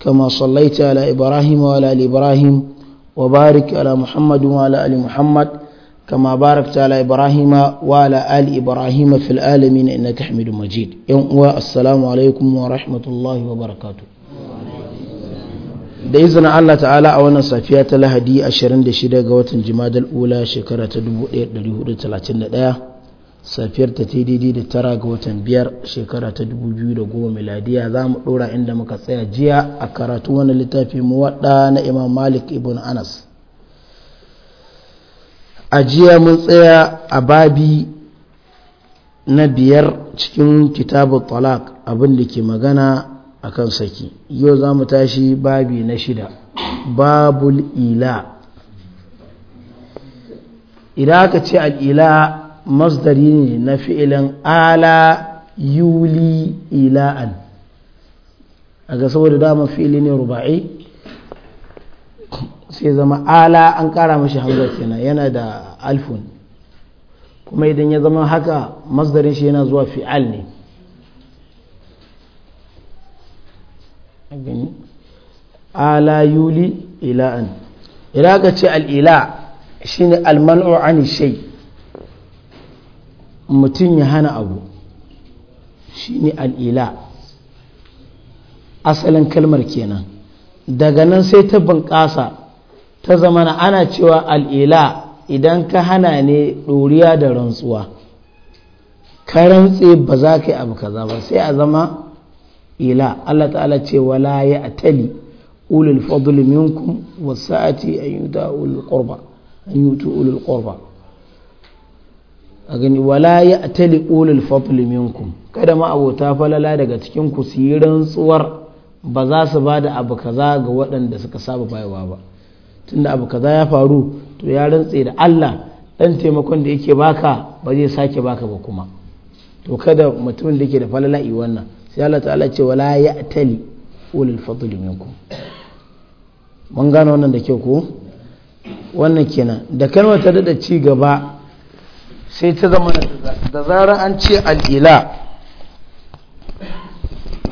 كما صليت على إبراهيم وعلى آل إبراهيم وبارك على محمد وعلى آل محمد كما باركت على إبراهيم وعلى آل إبراهيم في العالمين إنك حميد مجيد يوم السلام عليكم ورحمة الله وبركاته da izinin Allah ta'ala a wannan safiya ta lahadi 26 ga watan jimadar ula shekara ta 1431 safiyar ta daidai da tara ga watan biyar shekara ta 2010 miladiya za mu dora inda muka tsaya jiya a karatu wani littafi muwadda na imam malik ibn anas a jiya mun tsaya a babi na biyar cikin kitabu talak abin da ke magana a kan saki yau za mu tashi babi na shida babul ila idan aka ce al'ila masdari ne na fi'ilin ala yuli ila'an a ga saboda dama fi'ili ne ruba'i sai zama ala an kara mashi hanzar kina yana da alfun kuma idan ya zama haka masdarin shi yana zuwa fi'al ne ala yuli ila'an ila ka ce al'ila shine alman'u an shai. mutum ya hana abu shi ne al'ila asalin kalmar kenan daga nan sai ta bunƙasa ta zamana ana cewa al'ila idan ka hana ne ɗoriya da rantsuwa ka rantse ba za ka yi abu kaza ba sai a zama ila Allah ta'ala ce wala ya atali ulul fadl minkum wasa'ati an a ulul qurba an ulul qurba a gani wala ya atali ulul fadli minkum kada ma abota falala daga cikin ku su yi rantsuwar ba za su ba da abu kaza ga waɗanda suka saba bayawa ba tunda abu kaza ya faru to ya rantse da Allah ɗan taimakon da yake baka ba zai sake baka ba kuma to kada mutumin da yake da falala yi wannan sai Allah ta'ala ce wala ya atali ulul fadli minkum mun gano wannan da kyau ko wannan kenan da kalmar ta dada ci gaba sai ta zama da zarar an ce al'ila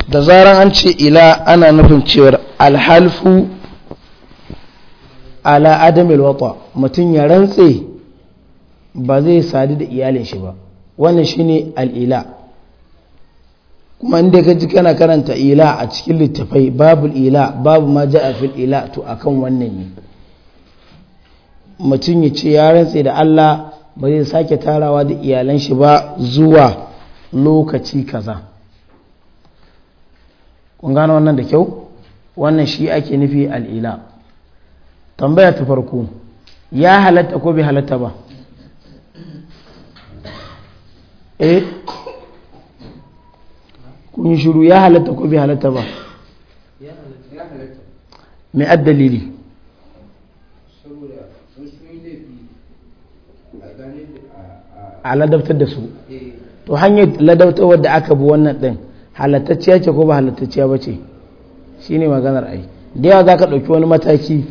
da zarar an ce ila ana nufin cewar alhalfu ala adamil wata mutum ya rantse ba zai sadu da iyalin shi ba wannan shine al'ila kuma inda ka ji kana karanta ila a cikin littafai babu ila babu ma ja'a fil ila to akan wannan ne mutum ya ce ya rantse da Allah ba zai sake tarawa da iyalan shi ba zuwa lokaci kaza kun gano wannan da kyau wannan shi ake nufi al'ila tambaya ta farko ya halatta ko bai halatta ba eh kun yi shuru ya halatta ko bai halatta ba mai addalili a ladabtar da su to hanyar ladabtarwar da aka bi wannan din halattacciya ce ko ba halattacciya ba ce shi ne maganar ai da yawa za ka ɗauki wani mataki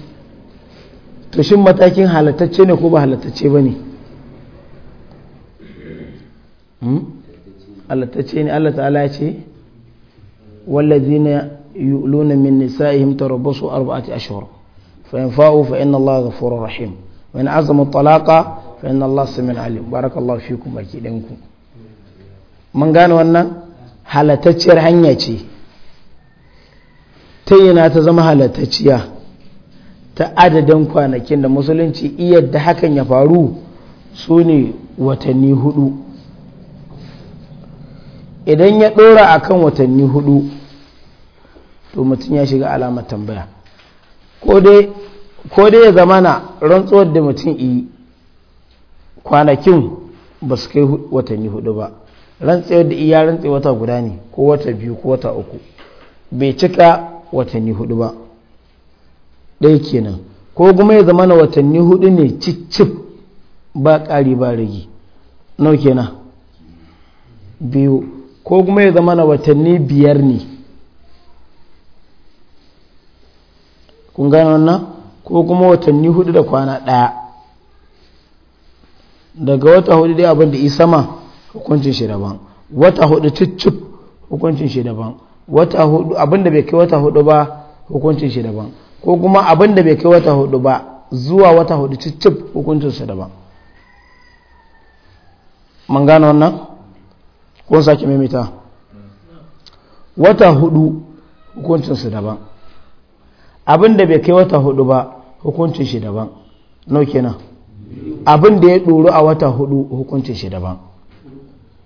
to shin matakin halattacce ne ko ba halattacce ba ne hmm? halattacce ne allah ta'ala ya ce wallazina yu'luna min nisa'ihim su arba'ati ashhur fa in fa'u fa inna allaha ghafurur rahim wani in azama talaqa fa inna Allah samin alim barakallahu fikum baki ɗinku mun gane wannan halatacciyar hanya ce ta yana ta zama halatacciya ta adadin kwanakin da musulunci iya da hakan ya faru su ne watanni hudu idan ya ɗora a kan watanni hudu to mutum ya shiga alamar tambaya ko dai ya na, rantsuwar da mutum yi kwanakin ba su kai watanni hudu ba rantsewar da iya rantse wata guda ne ko wata biyu ko wata uku bai cika watanni hudu ba ɗaya kenan ko kuma ya zama na watanni hudu ne cicif ba ƙari ba rigi nau kenan biyu ko kuma ya zama na watanni biyar ne kun gane wannan ko kuma watanni hudu da kwana ɗaya daga wata hudu dai abin da sama hukuncin shi daban wata hudu cicif hukuncin shi daban wata hudu abin da bai kai wata hudu ba hukuncin shi daban ko kuma abin da bai kai wata hudu ba zuwa wata hudu cicif hukuncin shi daban man gano wannan ko sake mimita wata hudu hukuncin shi daban abin da bai kai wata hudu ba hukuncin shi daban nau kenan abin da ya ɗoro a wata hudu hukuncin shi daban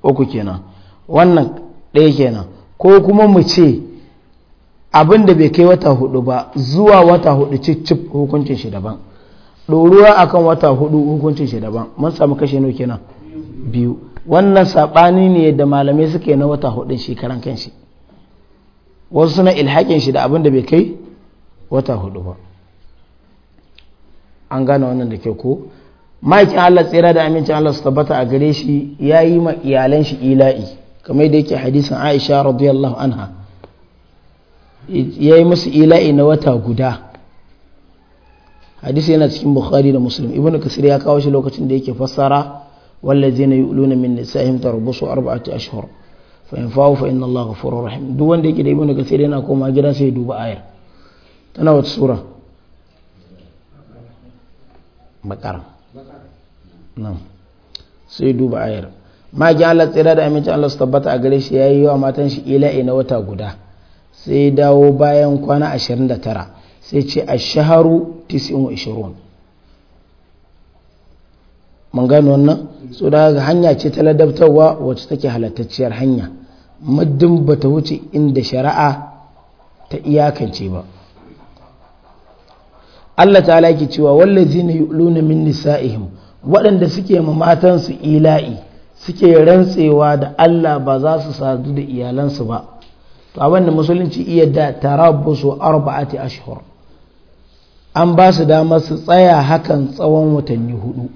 uku kenan wannan ɗaya kenan ko kuma mu ce abin da bai kai wata hudu ba zuwa wata hudu cicip hukuncin shi daban ɗoruwa kan wata hudu hukuncin shi daban mun samu kashe nau kenan biyu wannan saɓani ne da malamai suka yi na wata hudun shekaran kanshi wasu suna ilhakin shi da abin da bai kai wata hudu ba an gane wannan da ke ko ma'aikin Allah tsira da amincin Allah su tabbata a gare shi ya yi ma iyalan shi ila'i kamar da yake hadisin Aisha radiyallahu anha ya yi musu ila'i na wata guda hadisi yana cikin Bukhari da Muslim Ibn Kasir ya kawo shi lokacin da yake fassara wallazina yu'luna min nisa'ihim tarabbusu arba'ati ashhur fa in fa'u fa inna Allah ghafurur rahim duk wanda yake da Ibn Kasir yana koma gidan sai ya duba ayar tana wata sura bakara nan sai duba ayar ji Allah tsira da amincin Allah su tabbata a gare shi ya yi wa matan shi ila'i na wata guda sai dawo bayan kwana 29 sai ce a shaharu 20 mun gano wannan so da hanya ce ta ladabtarwa wacce take halattacciyar hanya muddin ba ta wuce inda shari'a ta iyakance ba Allah ta yake cewa wallazina yu'luna min nisa'ihim waɗanda suke ma matansu ila'i suke rantsewa da Allah ba za su sadu da iyalansu ba to abin da musulunci iya da tarabbusu arba'ati ashhur an ba su dama su tsaya hakan tsawon watanni hudu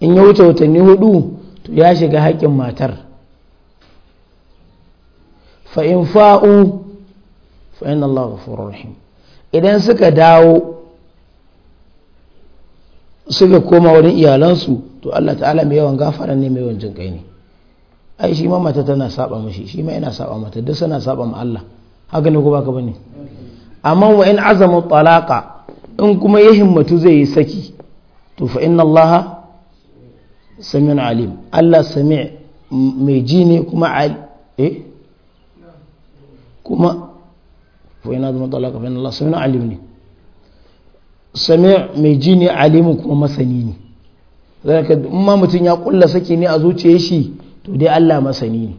in ya wuce watanni hudu to ya shiga haƙƙin matar fa'in fa'u fa'in Allah rahim idan suka dawo suka koma wurin iyalansu to Allah ta'ala mai yawan gafara ne mai yawan jin kai ne ai shi ma mata tana saba mishi shi ma yana saba mata duk suna saba ma Allah haka ne ko baka bane amma wa in azamu talaqa in kuma ya himmatu zai yi saki to fa inna Allah sami'un alim Allah sami' mai ji ne kuma al eh kuma fa inna azamu talaqa fa inna Allah sami'un alim ne sami mai ji ne alimin kuma masani ne zaka in ma mutum ya kulla saki ne a zuciyar shi to dai Allah masani ne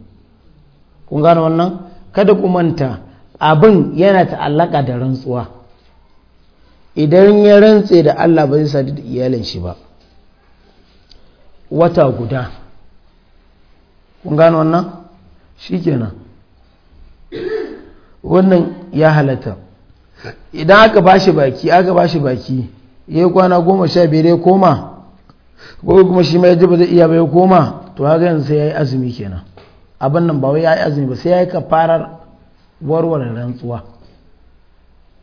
kun gane wannan kada ku manta abin yana ta'allaka da rantsuwa idan ya rantse da Allah ba zai sadu da iyalin shi ba wata guda kun gane wannan shikenan wannan ya halatta idan aka bashi baki aka bashi baki yayi kwana goma sha biyar ya koma ko kuma shi mai jiba zai iya bai koma to haka yanzu sai ya yi azumi kenan abin nan ba wai ya yi azumi ba sai ya yi kafarar warware rantsuwa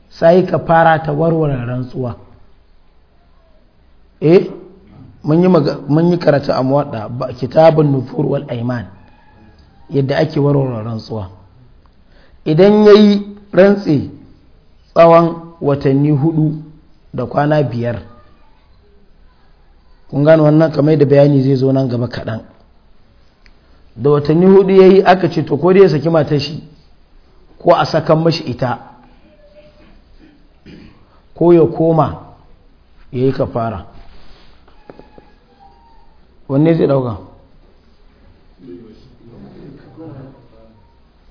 sai yi kafara ta warware rantsuwa eh mun yi karatu a muwadda kitabun nufur wal aiman yadda ake warware rantsuwa idan ya yi rantsi tsawon watanni hudu da kwana biyar kun gano wannan kamar da bayani zai zo nan gaba kaɗan da watanni hudu ya yi aka ce to ko dai ya saki matar shi ko a sakan mashi ita ko ya koma ya yi kafara wanne zai dauka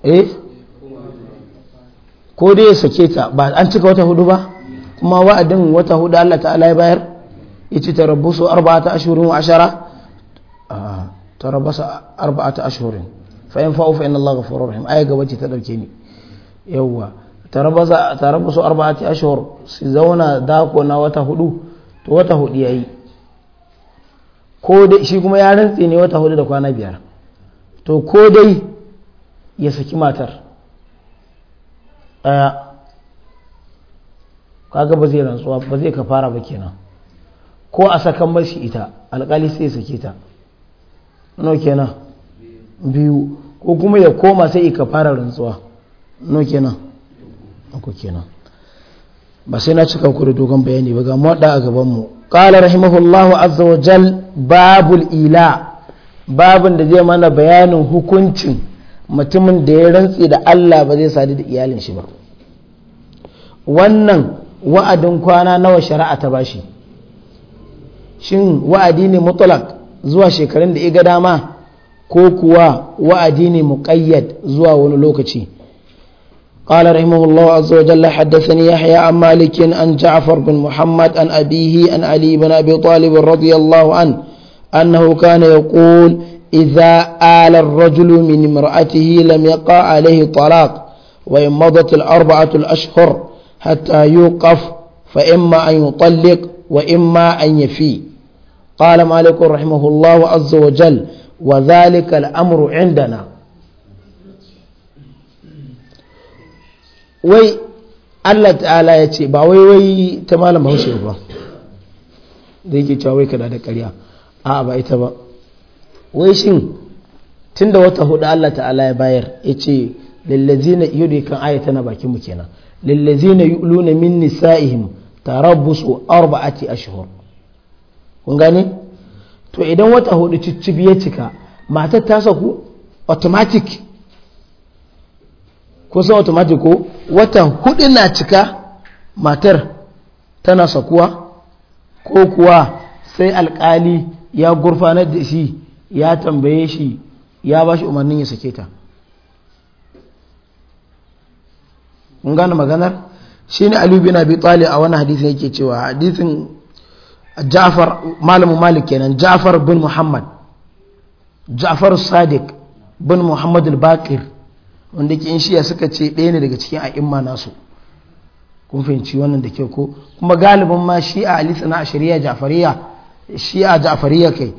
eh ko dai ya sake ta ba an cika wata hudu ba kuma wa'adin wata hudu Allah ta'ala ya bayar yace tarabbusu arba'ata ashhurin wa ashara tarabbasu arba'ata ashhurin fa in fa'u fa inna Allah ghafurur rahim aya wacce ta dauke ni yawwa tarabbasu ta ashirin su zauna dako na wata hudu to wata hudu yi ko dai shi kuma ya rantse ne wata hudu da kwana biyar to ko dai ya saki matar ɗaya kaga ba zai rantsuwa ba zai ka fara ba kenan ko a sakan bashi ita alƙali sai ya sake ta no kenan biyu ko kuma ya koma sai ya fara rantsuwa no kenan ko kenan ba sai na cika ku da dogon bayani ba ga maɗa a gaban mu qala rahimahullahu azza wa jal babul ila babun da zai mana bayanin hukuncin mutumin da ya rantse da Allah ba zai sadu da iyalin shi ba wannan wa'adin kwana nawa shari'a ta bashi shin wa'adi ne mutlak zuwa shekarun da iga dama ko kuwa wa'adi ne muqayyad zuwa wani lokaci قال رحمه الله عز وجل حدثني يحيى عن مالك عن جعفر بن محمد عن أبيه عن علي بن أبي طالب رضي الله عنه أنه كان يقول إذا آل الرجل من امرأته لم يقع عليه طلاق وإن مضت الأربعة الأشهر حتى يوقف فإما أن يطلق وإما أن يفي قال مالك رحمه الله عز وجل وذلك الأمر عندنا وي Allah تعالى يتي باوي وي تمالا ما هو شيء haushe ديكي zai كده cewa آبا kana wai shin tunda wata hudu Allah ta'ala ya bayar ya ce lallazina yudu kan ayata na bakin mu kenan lallazina yuluna min nisa'ihim tarabbusu arba'ati ashhur kun gane to idan wata hudu ciccib ya cika matar ta saku automatic kun san automatic ko wata hudu na cika matar tana sakuwa ko kuwa sai alkali ya gurfanar da shi ya tambaye shi ya ba shi umarnin ya sake ta kun gane maganar shi ne alubi na abi a wani hadisi yake cewa hadisin ja'far malamin malik kenan ja'far bin muhammad ja'far sadiq bin muhammad al bakir wanda ke shiya suka ce ɗaya ne daga cikin a'imma nasu kun fahimci wannan da kyau ko kuma galibin ma shi a alisa na shari'a ja'fariya a ja'fariya kai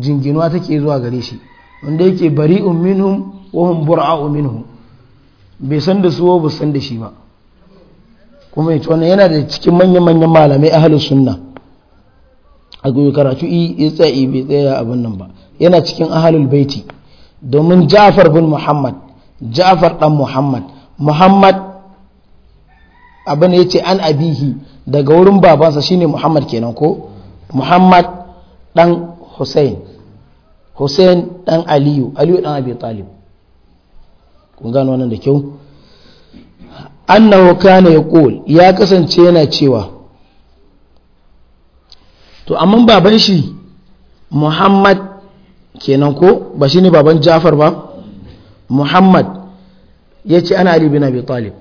jinginuwa take zuwa gare shi wanda yake bari'un minhum wa hum bura'u minhum bai san da su ba san da shi ba kuma yace wannan yana da cikin manyan manyan malamai ahlus sunna a goyi karatu ya tsaya bai tsaya abin nan ba yana cikin ahlul baiti domin Ja'far bin Muhammad Ja'far dan Muhammad Muhammad abin ya ce an abihi daga wurin babansa shine Muhammad kenan ko Muhammad dan Hussein hussein dan aliyu aliyu dan abi talib kun gano wannan da kyau annahu kana yaqul ya kasance yana cewa to amma baban shi muhammad kenan ko ba shine baban jafar ba muhammad ya ce ana ali bin abi talib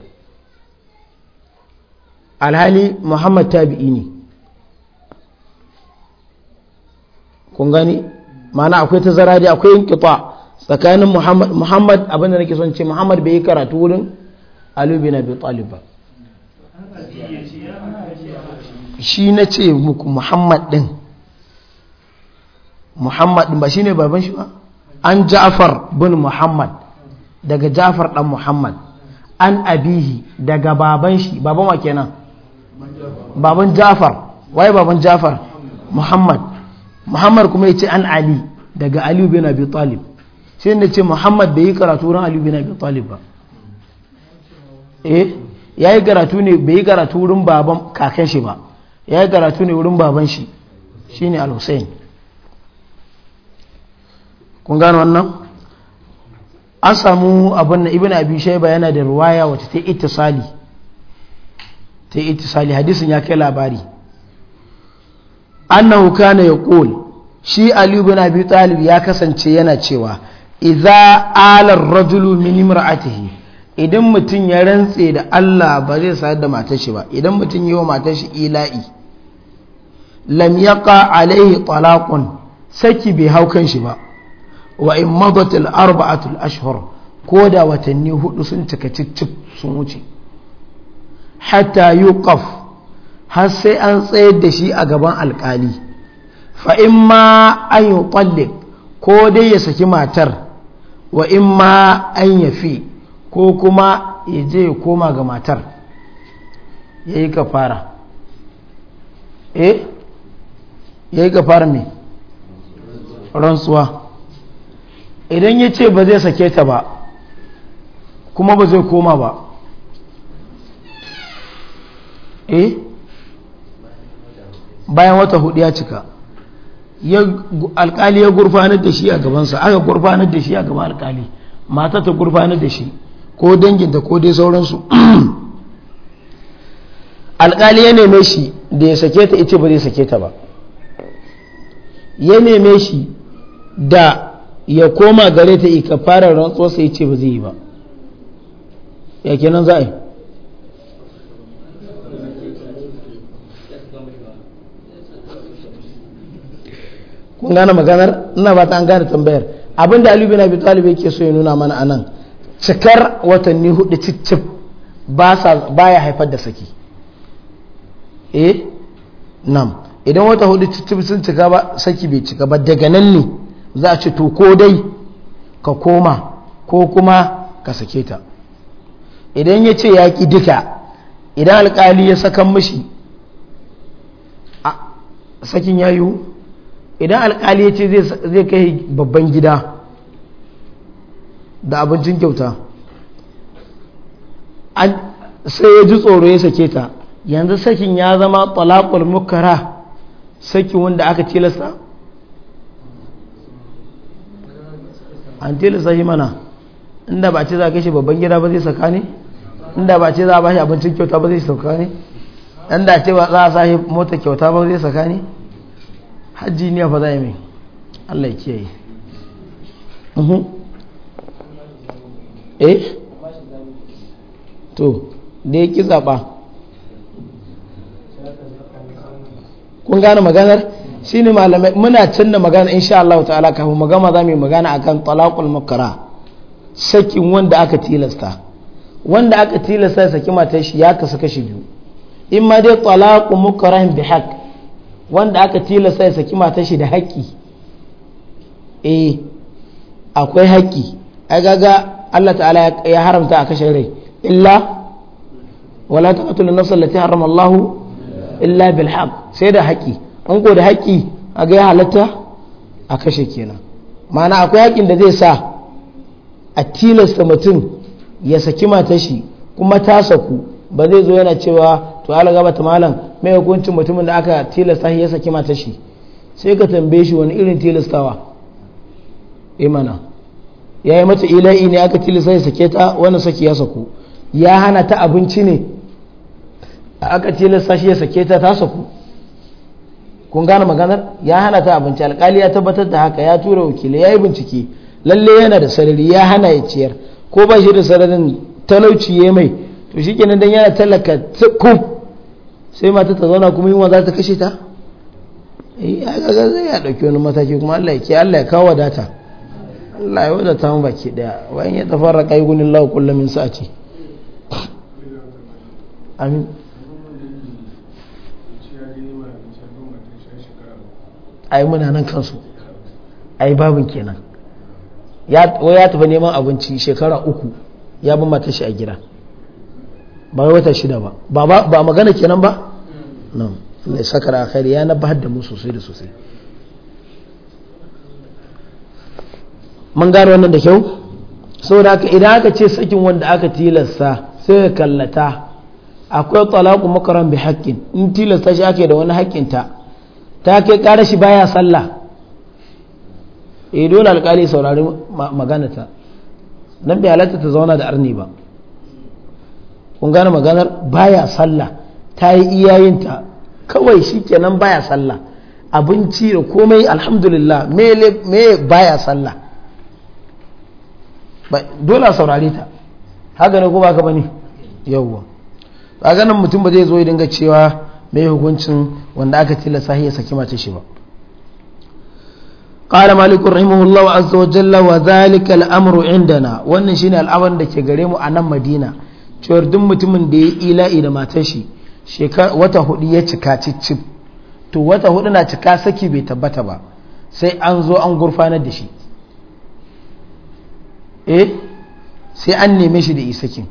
alhali muhammad tabi'i ne kun gani mana akwai ta dai akwai inqita tsakanin muhammad muhammad abin da nake son ce muhammad bai yi karatu wurin ali bin abi talib shi na ce muku muhammad din muhammad din ba shi ne baban shi ba an ja'far bin muhammad daga ja'far dan muhammad an abihi daga baban shi baban wa kenan baban ja'far wai baban ja'far muhammad muhammad kuma ya ce an ali daga aliyu bin abi talib sai na ce muhammad bai yi karatu wurin aliyu bin abi talib ba eh ya yi karatu ne bai yi karatu wurin baban kakan shi ba ya yi karatu ne wurin baban shi shine al-hussein kun gano wannan an samu abin na ibn abi shaiba yana da ruwaya wacce ta ittisali ta ittisali hadisin ya kai labari annahu kana yaqul shi ali ibn abi talib ya kasance yana cewa idza ala ar-rajulu min imra'atihi idan mutum ya rantse da Allah ba zai sayar da matar shi ba idan mutum yi wa matar shi ila'i lam yaqa alaihi talaqun saki bai hau kan shi ba wa in madat al-arba'atu al-ashhur ko da watanni hudu sun cika cicif sun wuce hatta yuqaf har sai an tsayar da shi a gaban alkali fa in ma an yi tsallik ko dai ya saki matar wa in ma an ya fi ko kuma ya je ya koma ga matar ya yi kafara eh ya yi kafara mai rantsuwa idan ya ce ba zai sake ta ba kuma ba zai koma ba eh bayan wata hudu ya cika alkali ya gurfanar da shi a gabansa aka gurfanar da shi a gaban alkali mata ta gurfanar da shi ko danginta ko dai sauransu alkali ya neme shi da ya sake ta ice ba zai sake ta ba ya neme shi da ya koma gare ta ika fara rantsuwa sai ce ba zai yi ba ya kenan za a yi kun gane maganar ina ba ta an gane tambayar abin da Ali na bitu Talib ke so ya nuna mana anan cikar watanni hudu cicif ba sa baya haifar da saki eh nam idan wata hudu cicif sun cika ba saki bai cika ba daga nan ne za a ce to ko dai ka koma ko kuma ka sake ta idan ya ce ya ki duka idan alkali ya sakan mishi sakin ya yiwu idan alkali ya ce zai kai babban gida da abincin kyauta sai ya ji tsoro ya sake ta yanzu sakin ya zama talakul mukara sakin wanda aka tilasta an tilasta shi mana inda ba ce za a kai shi babban gida ba zai saka ne inda ba ce za a ba shi abincin kyauta ba zai saka ne inda ce ba za a sa shi mota kyauta ba zai saka ne hajji ne fa zai mai Allah ya kiyaye mhm. eh to da ya ki zaɓa kun gane maganar shi ne malamai muna canna magana insha Allah ta'ala kafin magana za mu yi magana a kan talaqul makara sakin wanda aka tilasta wanda aka tilasta ya saki matashi ya kasu kashi biyu in ma dai talaqu makara bi haqq wanda aka tilasta ya saki mata shi da haƙƙi eh akwai haƙƙi ai gaga Allah ta'ala ya haramta a kashe rai illa wala taqtulu nafsa allati harrama Allah illa bil haqq sai da haƙƙi an ko da haƙƙi a ga halatta a kashe kenan Mana akwai haƙƙin da zai sa a tilasta mutum ya saki mata shi kuma ta saku ba zai zo yana cewa to ala gaba ta malam mai hukuncin mutumin da aka tilasta ya saki mata shi sai ka tambaye shi wani irin tilastawa imana eh ya yi mata ila'i ne aka tilasta ya sake ta wani saki ya saku ya hana ta abinci ne aka tilasta shi ya sake ta ta saku kun gane maganar ya hana ta abinci alkali ya tabbatar da haka ya tura wakilai ya yi bincike lalle yana da sarari ya hana ya ciyar ko ba shi da sararin talauci ya mai to shi kenan dan yana talaka tukun sai mata ta zauna kuma yunwa za ta kashe ta eh kaga zai ya dauki wani mataki kuma Allah ya ke Allah ya kawo wadata Allah ya wadata mu baki daya wayan ya tafarraqa gunin kullu min sa'ati amin ai muna nan kansu yi babin kenan ya tafi neman abinci shekara uku ya bi matashi a gida ba wata shida ba ba magana kenan ba mm. nan ya saka ya na bahar da mu sosai da sosai mun gano wannan da kyau saboda haka idan aka ce sakin wanda aka tilasta sai ka kallata akwai talaku makaran bi haƙƙin in tilasta shi ake da wani haƙƙinta ta kai ƙara shi baya sallah eh dole alƙali saurari maganata nan bai halatta ta zauna da arni ba kun gane maganar baya sallah ta yi iyayinta kawai shikenan baya sallah abinci da komai alhamdulillah me baya sallah dole saurare ta haka ne ko ba ka bane yawwa a ganin mutum ba zai zo dinga cewa mai hukuncin wanda aka tilasta ya saki mace shi ba قال مالك رحمه الله عز وجل وذلك الامر عندنا wannan shine al'amarin da ke gare mu a nan Madina cewar duk mutumin da ya ila'i da matar shi wata hudu ya cika cicci to wata hudu na cika saki bai tabbata ba sai an zo an gurfanar da shi eh sai an neme shi da isakin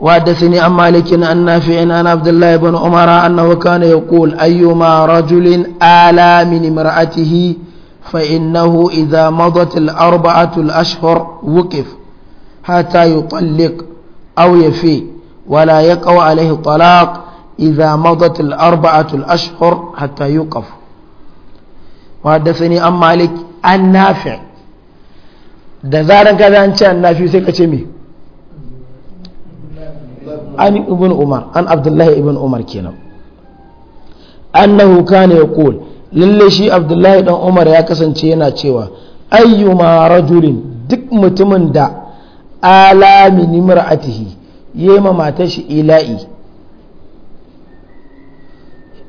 وحدثني عن مالك عن نافع عن عبد الله بن عمر انه كان يقول ايما رجل آلى من امراته فانه اذا مضت الاربعه الاشهر وقف حتى يطلق أو يفي ولا يقع عليه الطلاق إذا مضت الأربعة الأشهر حتى يوقف وحدثني أم مالك النافع da zaran ka an ce annafi sai ka ce me an ibn umar an abdullahi ibn umar kenan annahu kana yaqul lalle shi abdullahi dan umar ya kasance yana cewa ayyuma rajulin duk mutumin da ala atihi ya yema matar shi ila'i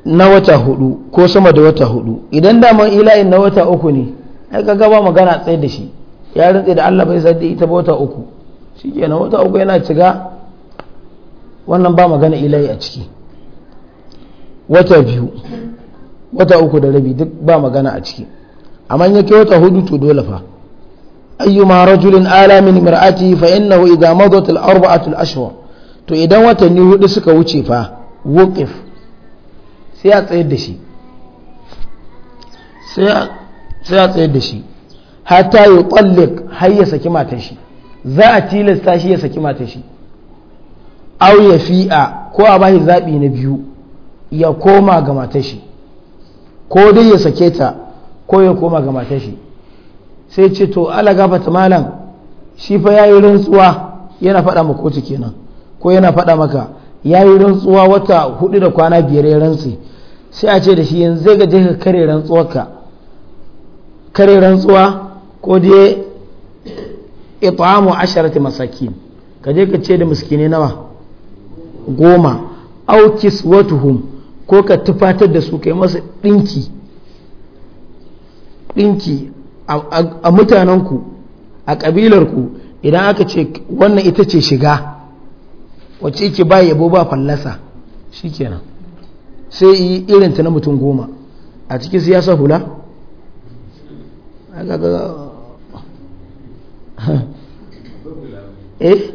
na wata hudu ko sama da wata hudu idan daman ila'in na wata uku ne ai kaga gaba magana tsaye da shi ya rantse da Allah bai sadi ita ba wata uku shi na wata uku yana ciga wannan ba magana ila'i a ciki wata biyu wata uku da rabi duk ba magana a ciki amma in yake wata hudu to dole fa ayyuma rajulin ala min imra'ati fa innahu idza madat al arba'atu al ashhur to idan watanni hudu suka wuce fa wuqif sai ya tsayar da shi sai ya tsayar da shi hatta yi tsallik har ya saki matan shi za a tilasta shi ya saki matan au ya fi'a ko a bashi zaɓi na biyu ya koma ga matan shi ko dai ya sake ta ko ya koma ga matan shi sai ce to ala gafata malam shi fa yayi rantsuwa yana faɗa maka kotu kenan ko yana faɗa maka yayi rantsuwa wata hudu da kwana biyar ya rantsi sai a ce da shi yanzu zai gaje ka kare rantsuwarka kare rantsuwa ko dai it'amu asharati masakin ka ka ce da miskine nawa goma au kiswatuhum ko ka tufatar da su kai masa dinki dinki a mutanenku a ƙabilarku idan aka ce wannan ita ce shiga wacce yake ba yabo ba fallasa shi kenan sai yi irinta na mutum goma a cikin siyasa hula? Eh,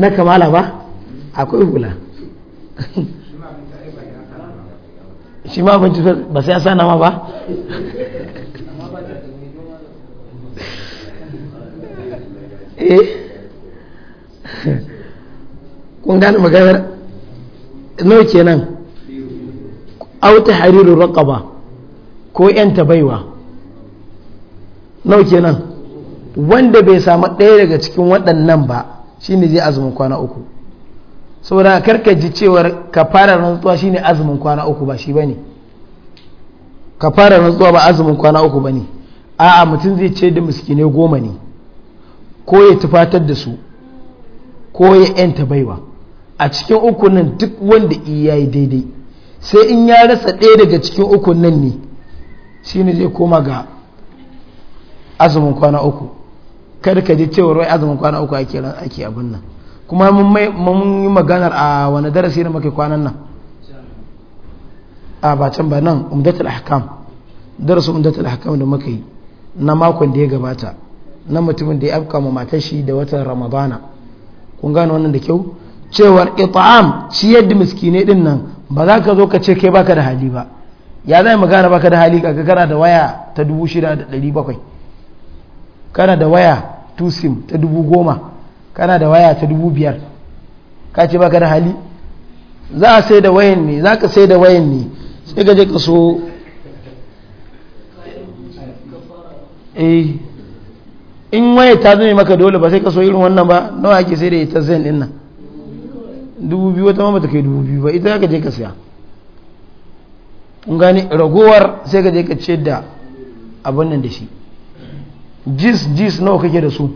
na kamala ba akwai hula shi ma ba sai ya sa nama ba eh kun gane maganar nawa kenan auta haririn raƙaba ko yanta baiwa nawa kenan wanda bai samu ɗaya daga cikin waɗannan ba shine zai azumin kwana uku saboda karka ji cewar ka fara rantsuwa shine azumin kwana uku ba shi bane ka fara rantsuwa ba azumin kwana uku bane a'a mutum zai ce da miskine goma ne ko ya tufatar da su ko ya yanta baiwa a cikin uku nan duk wanda iya yi daidai sai in ya rasa ɗaya daga cikin uku nan ne shi ne zai koma ga azumin kwana uku kada ka ji cewar wai azumin kwana uku ake abin nan kuma mun yi maganar a wani darasi na maka kwanan nan a ba ba nan umdatul ahkam darasin umdatul ahkam da maka yi na makon da ya gabata na mutumin da ya afka ma matar shi da watan ramadana kun gane wannan da kyau cewar ita'am ciyar da miskinai din nan ba za ka zo ka ce kai baka da hali ba ya zai magana baka da hali kaga kana da waya ta dubu shida da bakwai. kana da waya tusim ta ta goma kana da waya ta biyar ka ce baka da hali za a sai da wayan ne za ka sai da wayan ne sai ka je ka so eh in waye ta zame maka dole ba sai ka so irin wannan ba nawa ake sai da ita zen dinna dubu biyu wata mamata kai dubu biyu ba ita ka je ka siya gani ragowar sai ka je ka ce da abin nan da shi jis jis nawa kake da su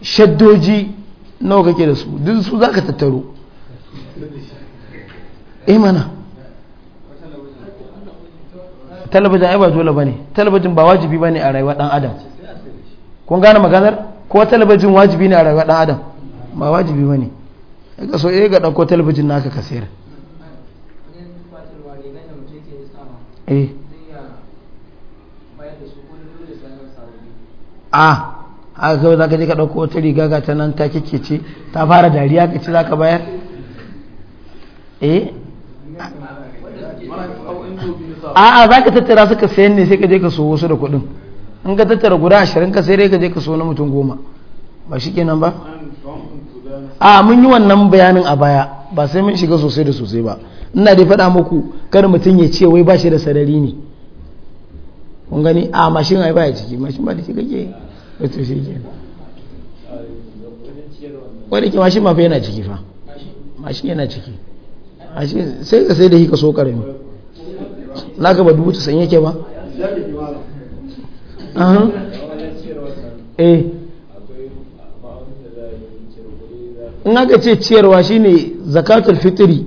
shaddoji nawa kake da su duk su za ka tattaro eh mana talabijin ai ba dole ba ne talabijin ba wajibi ba ne a rayuwa dan adam kun gane maganar ko talabijin wajibi ne a rayuwar ɗan adam ba wajibi ba ne ga so eh, ga ko talabijin naka ka sayar eh a ah, haka kawai za ka je ka ɗauko wata riga ga ta nan ta kike ce ta fara dariya ka ce za ka bayar eh a'a za ka tattara suka sayan ne sai ka je ka so wasu da kuɗin in ka tattara guda ashirin ka sai dai ka je ka so na mutum goma ba shi kenan ba a mun yi wannan bayanin a baya ba sai mun shiga sosai da sosai ba ina dai faɗa muku kar mutum ya ce wai ba shi da sarari ne kun gani a mashin ai baya ciki mashin ba da shi kake wato shi ke wani ke mashin fa yana ciki fa mashin yana ciki sai ka sai da shi ka so karami na ka ba dubu ta sanya ke ba Eh. in aka ce ciyarwa shine zakatul fitiri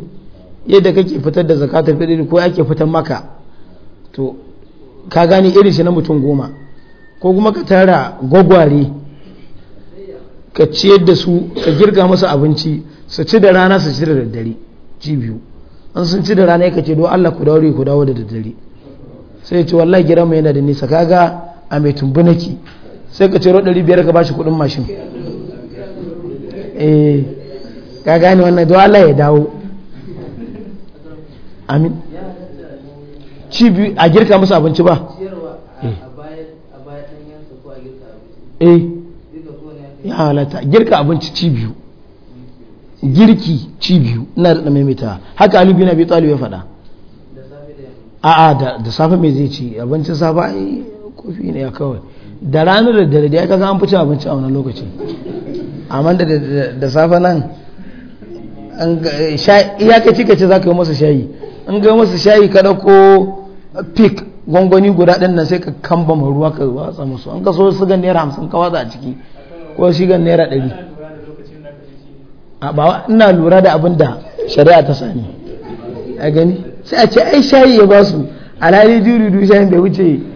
yadda kake fitar da zakatul fitri ko ake fitar maka to ka gane irin shi na mutum goma ko kuma ka tara gwagware ka ciyar da su ka girga masu abinci su ci da rana su ci da daddare ci biyu an sun ci da rana ya kace do Allah ku daure ku dawo da daddare sai ya ce wallahi gidan yana da nisa kaga a mai tumbu ki? sai ka ciro 500 ka bashi kudin mashin eh ka gani wannan da Allah ya dawo amin ci biyu a girka musu abinci ba eh, eh. ya halata girka abinci ci biyu girki ci biyu ina da mita haka alibi na biyu talibai faɗa a'a da safe mai zai ci abincin safe kofi ne ya kawai da ranar da dare da ya kaga an fi abinci a wani lokaci amma da da safe nan eh, ya ka ci ka ce za ka yi masa shayi in ga masa shayi ka ko pik gwangwani guda ɗin nan sai ka kamba ma ruwa ka watsa musu an ka so su gan naira hamsin ka watsa a ciki ko shi gan naira ɗari a ba ina lura da abin da shari'a ta sani a gani sai a ce ai shayi ya ba su alhali duridu shayin bai wuce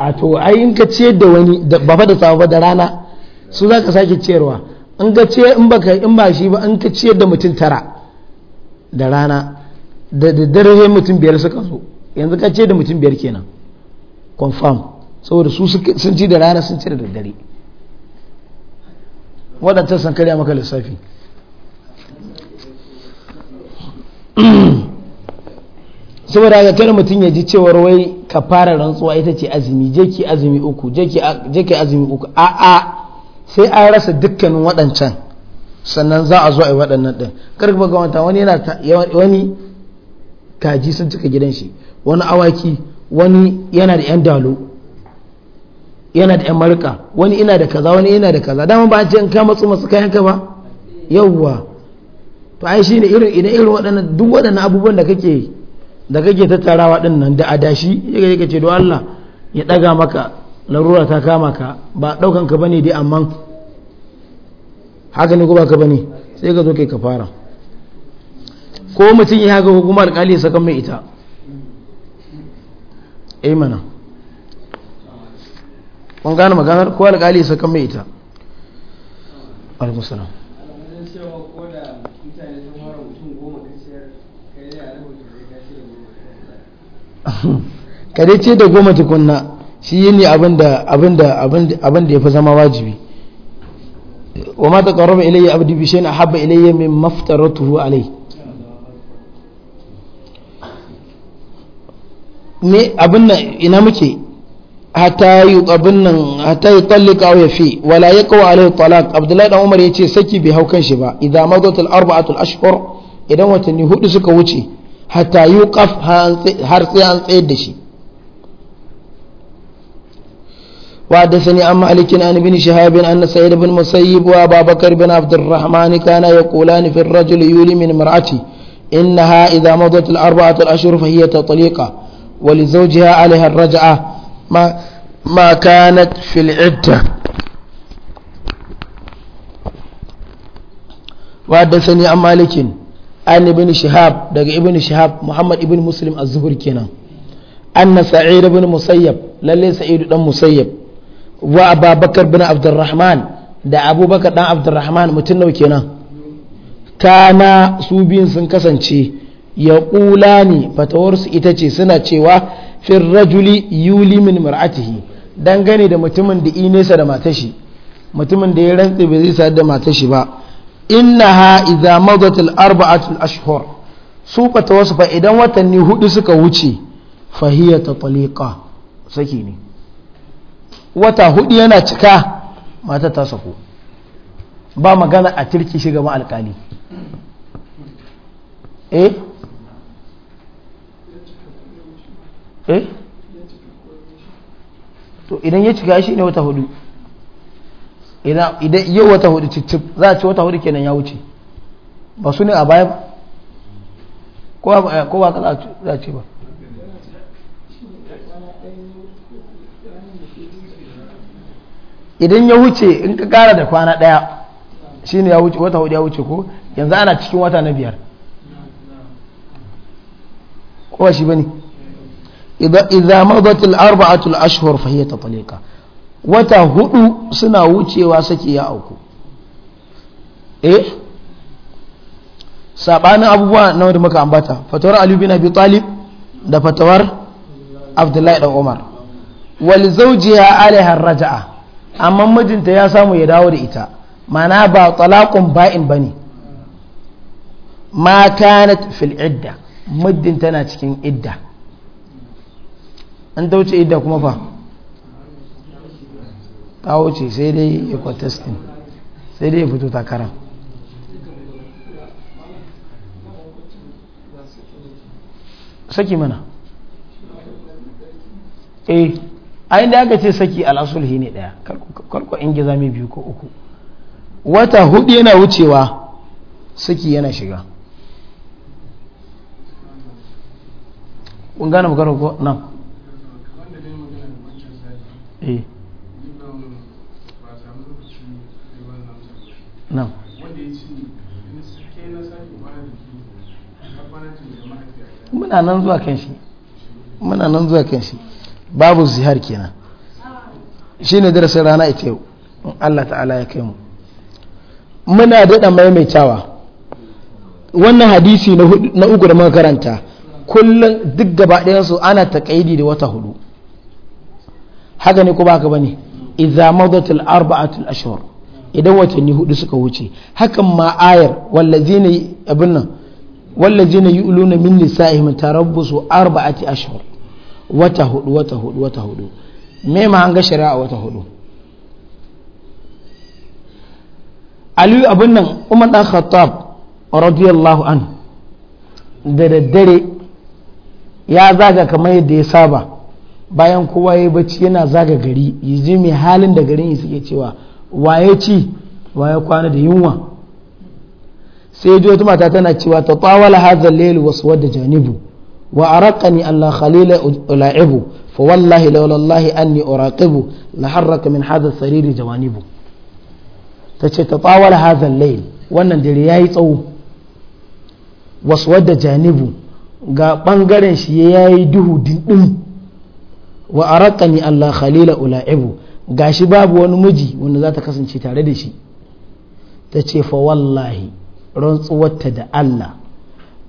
a to ai in ka ciyar da wani ba fa da tsawo ba da rana su za ka sake ciyarwa in ka ce in ka in ba shi ba in ka ciyar da mutum tara da rana da dare mutum biyar suka zo yanzu ka ce da mutum biyar kenan confirm saboda su sun ci da rana sun ci da dare waɗancan san karya maka lissafi saboda haka kada mutum ya ji cewar wai ka fara rantsuwa ita ce azumi je ki azumi uku je ki azumi uku a a sai an rasa dukkanin waɗancan sannan za a zo a yi waɗannan ɗin karka ga wata wani yana wani kaji sun cika gidan shi wani awaki wani yana da yan dalo yana da yan marika wani ina da kaza wani ina da kaza dama ba a ce in ka matsu masu kayan ka ba yawwa to ai shine irin idan irin waɗannan duk waɗannan abubuwan da kake da kake tattarawa din nan da adashi yake yake ce don Allah ya daga maka larura ta kama ka ba ɗaukan ka bane dai amma haka ne ko ba ka bane sai ka zo kai fara ko mutum ya haka hukumar alƙali sakan mai ita eh mana kun gane maganar ko alƙali sakan mai ita alaikum ka ce da goma tukunna shi yi ne abin da ya fi zama wajibi wa ma ta ƙarfafa ilayya abdi bi na haɓa ilayya maftar tuhu alai ne abin nan ina muke hata yi abin nan hata yi kawo ya fi wala ya kawo alaihi talak abdullahi dan umar ya ce saki bai hau kan shi ba idan madatul arba'atul ashhur idan watanni hudu suka wuce حتى يوقف har عن an tsayar وحدثني عن مالك عن ابن شهاب أن سعيد بن مسيب وأبا بكر بن عبد الرحمن كانا يقولان في الرجل يولي من امرأته إنها إذا مضت الأربعة الأشهر فهي تطليقة ولزوجها عليها الرجعة ما, ما كانت في العدة وحدثني عن مالك an ibn shihab daga ibn shihab muhammad ibn muslim az-zuhri kenan anna sa'id ibn musayyab lalle sa'id dan musayyab wa abubakar ibn abdurrahman da abubakar dan abdurrahman mutum nawa kenan kana su biyun sun kasance ya fatawar fatawarsu ita ce suna cewa firra rajuli yuli min mar'atihi dangane da mutumin da inesa da matashi mutumin da ya rantse ba zai sadar da matashi ba innaha idza madat al arba'atu ashhur su fata wasu fa idan watanni hudu suka wuce fa hiya tatliqa saki ne wata hudu yana cika mata ta sako ba magana a turki shi ga alkali eh eh to idan ya cika shi ne wata hudu idan yau wata hudu cicif za a ce wata hudu kenan ya wuce ba su ne a baya ba ko ba eh, ka za a ce ba idan ya wuce in ka kara da kwana daya shi ne wata hudu ya wuce ko yanzu ana cikin wata na biyar ko ba shi ba ne idza madatul arba'atul ashhur fa talika wata hudu suna wucewa sake ya auku eh sabanin abubuwa na wanda muka ambata fatawar Ali bin Talib da fatawar Abdullahi dan Umar wal zawjiha alaiha raja'a amma mijinta ya samu ya dawo da ita mana ba talaqun ba'in bane ma kanat fil idda muddin tana cikin idda an dauce idda kuma fa ta wuce sai dai ya sai dai fito takara saki mana eh a da aka ce saki al'asulhi ne daya karko in giza mai biyu ko uku wata hudu yana wucewa saki yana shiga kun gane ko nan eh muna nan zuwa kan shi muna nan zuwa kan babu zihar kenan shi ne darasin rana ita yau in Allah ta'ala ya kai mu muna daɗa maimaitawa wannan hadisi na uku da makaranta kullum duk gaba ɗayansu ana taƙaidi da wata hudu haka ne ko ba ka bane izamadatul arba'atul ashur idan watanni hudu suka wuce hakan ma ayar wallazina abin nan wallazina yu'luna min nisa'ihim tarabbusu arba'ati ashhur wata hudu wata hudu wata hudu me ma an ga shari'a wata hudu aliyu abin nan umar dan khattab radiyallahu an da daddare ya zaga kamar yadda ya saba bayan kowa ya bacci yana zaga gari yanzu mai halin da garin suke cewa waye ci waye kwana da yunwa sai ji wata mata tana cewa ta tawala hadha layl waswad janibu wa araqani alla khalila ulaibu fa wallahi lawla allah anni uraqibu la harraka min hadha sariri jawanibu tace ta tawala hadha layl wannan dare yayi tsawo waswad janibu ga bangaren shi yayi duhu din wa araqani alla khalila ulaibu gashi babu wani miji wanda za ta kasance tare da shi ta ce fa wallahi rantsuwarta da Allah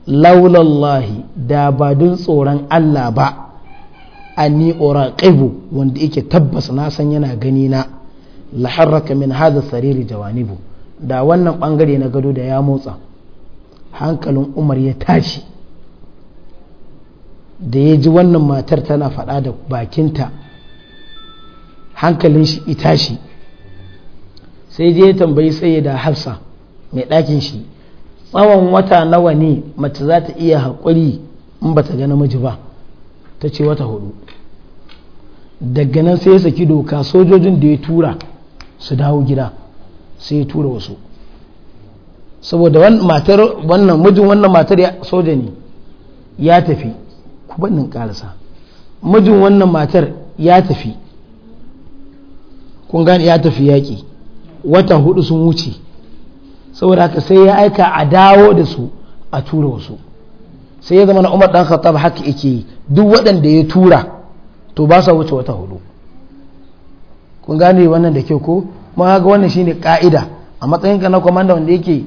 laulallahi da ba don tsoron Allah ba ani uraqibu wanda yake tabbas na san yana gani na la harraka min hadha sariri jawanibu da wannan ɓangare na gado da ya motsa hankalin Umar ya tashi da ya ji wannan matar tana faɗa da bakinta hankalin shi ita shi sai je ya tambayi tsaye da hafsa mai ɗakin shi tsawon wata nawa ne mace za ta iya haƙuri in ba ta ga namiji ba ta ce wata hudu daga nan sai ya saki doka sojojin da ya tura su dawo gida sai ya tura wasu saboda matar wannan mijin wannan matar ya soja ne ya tafi ku bannin karasa mijin wannan matar ya tafi kun gane ya tafi yaƙi wata hudu sun wuce saboda haka sai ya aika a dawo da su a tura wasu sai ya zama na umar dan khattab haka yake duk waɗanda ya tura to ba sa wuce wata hudu kun gane wannan da kyau ko ma ga wannan shine ka'ida a matsayin ka na komanda wanda yake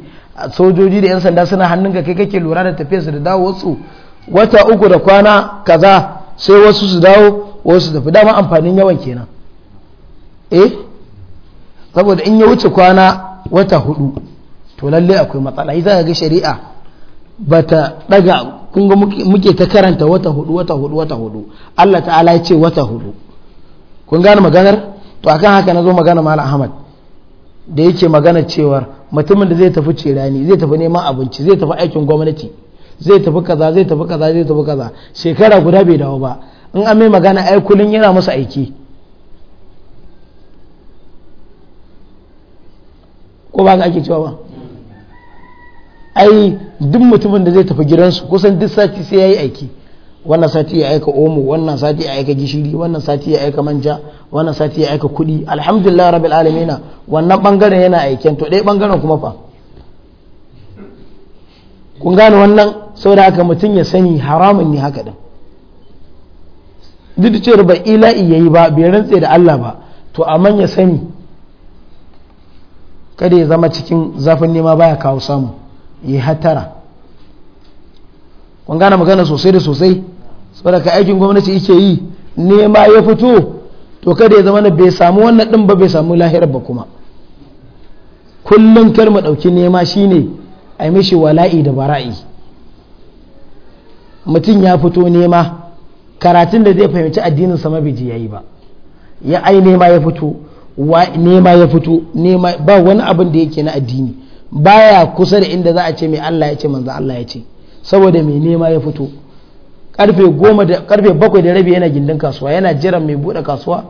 sojoji da yan sanda suna hannun ka kai kake lura da su da dawo wasu wata uku da kwana kaza sai wasu su dawo wasu su tafi dama amfanin yawan kenan eh saboda in ya wuce kwana wata hudu to lalle akwai matsala za ga shari'a ba ta daga kunga muke ta karanta wata hudu wata hudu wata hudu Allah ta'ala ya ce wata hudu kun gane maganar to akan haka na zo magana malam ahmad da yake magana cewar mutumin da zai tafi cirani zai tafi neman abinci zai tafi aikin gwamnati zai tafi kaza zai tafi kaza zai tafi kaza shekara guda bai dawo ba in an mai magana ai kullun yana masa aiki ko ba ga ake cewa ba ai duk mutumin da zai tafi gidansu kusan duk sati sai ya yi aiki wannan sati ya aika omo wannan sati ya aika gishiri wannan sati ya aika manja wannan sati ya aika kuɗi alhamdulillah rabbil alamina wannan bangaren yana aiken to dai bangaren kuma fa kun gane wannan saboda haka mutum ya sani haramun ne haka din duk da cewar ba ila'i yayi ba bai rantse da Allah ba to amma ya sani kada ya zama cikin zafin nema baya kawo samu ya hatara kun gane magana sosai da sosai saboda ka aikin gwamnati yake yi nema ya fito to kada ya zama na bai samu wannan din ba bai samu lahirar ba kuma kullum kar mu dauki nema shine a mishi wala'i da bara'i mutum ya fito nema karatun da zai fahimci addinin sama bai ji yayi ba ya ai nema ya fito nema ya fito nema ba wani abin da yake na addini baya kusa da inda za a ce mai Allah ya ce manzo Allah ya ce saboda mai nema ya fito karfe goma da karfe bakwai da rabi yana gindin kasuwa yana jiran mai bude kasuwa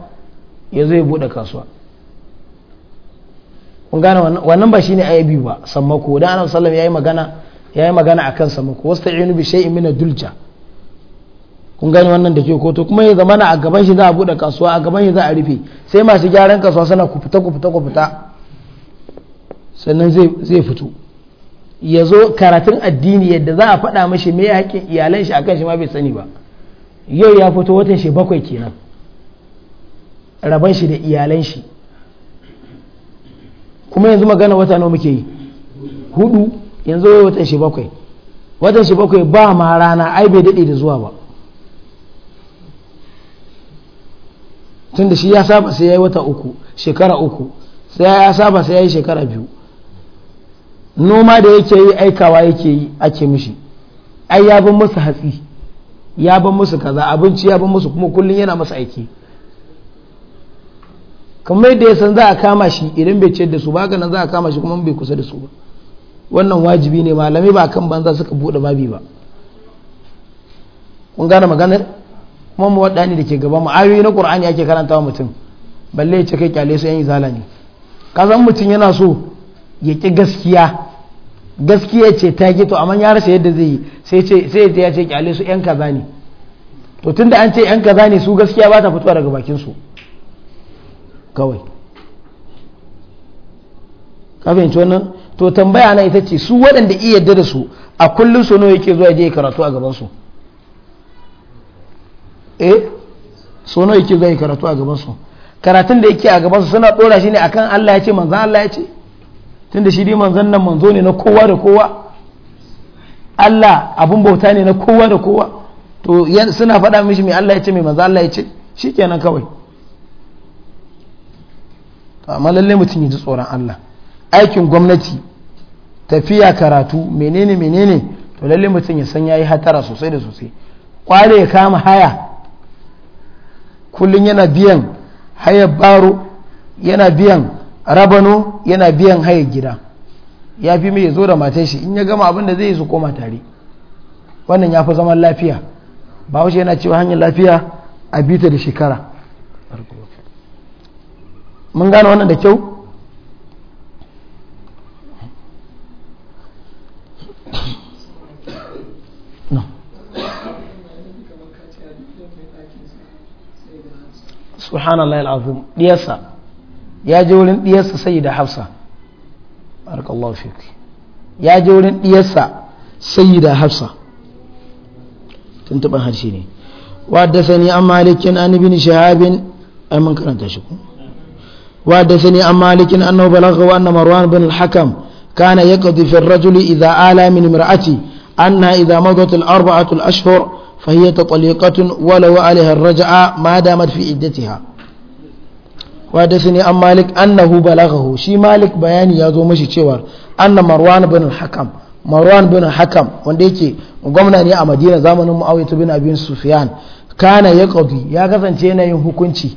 ya zo ya bude kasuwa kun gane wannan ba shine ayabi ba sammako dan annabi sallallahu alaihi wasallam yayi magana yayi magana akan sammako wasta'inu bi shay'in min ad-dulja kun gani wannan da ke koto kuma ya zama a gaban shi za a buɗe kasuwa a gaban shi za a rufe sai masu gyaran kasuwa suna kufuta-kufuta-kufuta. sannan zai fito ya zo karatun addini yadda za a faɗa mashi me haƙƙin iyalan shi akan shi ma bai sani ba yau ya fito watan shi bakwai kenan raban shi da iyalan shi kuma yanzu magana wata nawa muke yi hudu yanzu watan shi bakwai watan shi bakwai ba ma rana ai bai daɗe da zuwa ba tunda shi ya saba sai ya yi wata uku shekara uku sai ya saba sai ya yi shekara biyu noma da yake yi aikawa yake yi ake mishi ai ya bin musu hatsi ya bin musu kaza abinci ya bin musu kuma kullum yana masa aiki kamar yadda ya san za a kama shi idan bai ciyar da su ba nan za a kama shi kuma bai kusa da su ba wannan wajibi ne malamai ba kan banza suka bude babi ba kun gane maganar kuma mu waɗani da ke gaban mu ayoyi na ƙur'ani ake karantawa mutum balle ya ce kai kyale su yan izala ne ka san mutum yana so ya ƙi gaskiya gaskiya ce ta gito amma ya rasa yadda zai yi sai ce ya ce kyale su yan kaza ne to tun da an ce yan kaza ne su gaskiya ba ta fitowa daga bakin su kawai ka fahimci wannan to tambaya na ita ce su waɗanda iya yadda da su a kullum su nawa yake zuwa je karatu a gaban su eh so nawa yake zai karatu a gaban su karatun da yake a gaban su suna dora shi ne akan Allah ya ce manzon Allah ya ce tunda shi dai manzon nan manzo ne na kowa da kowa Allah abun bauta ne na kowa da kowa to suna faɗa mishi mai Allah ya ce mai manzon Allah ya ce Shi kenan kawai to amma lalle mutum ya ji tsoron Allah aikin gwamnati tafiya karatu menene menene to lalle mutum ya san yayi hatara sosai da sosai kwale ya kama haya kullum yana biyan hayar baro yana biyan rabano yana biyan hayar gida ya fi mai zo da matar shi in ya gama abin da zai yi su koma tare wannan ya fi zaman lafiya ba wuce yana cewa hanyar lafiya a bita da shekara mun gane wannan da kyau subhanallah al'azim ɗiyarsa ya je wurin ɗiyarsa sai da ya je wurin ɗiyarsa sai da hafsa tuntuɓar harshe ne wadda sani an malikin an ibn shahabin ai mun karanta shi wadda sani an malikin an nau balaghu anna marwan bin al-hakam kana yaqdi fi ar-rajuli idha ala min imra'ati anna idha madat al-arba'atu al-ashhur فهي تطليقة ولو عليها الرجعة ما دامت في عدتها وحدثني عن مالك أنه بلغه شي مالك بياني يازو مشي تشوار أن مروان بن الحكم مروان بن الحكم وانديكي وقمنا ني أمدينة زمن معاوية بن أبي سفيان كان يقضي يا كسان تينا ينهكونشي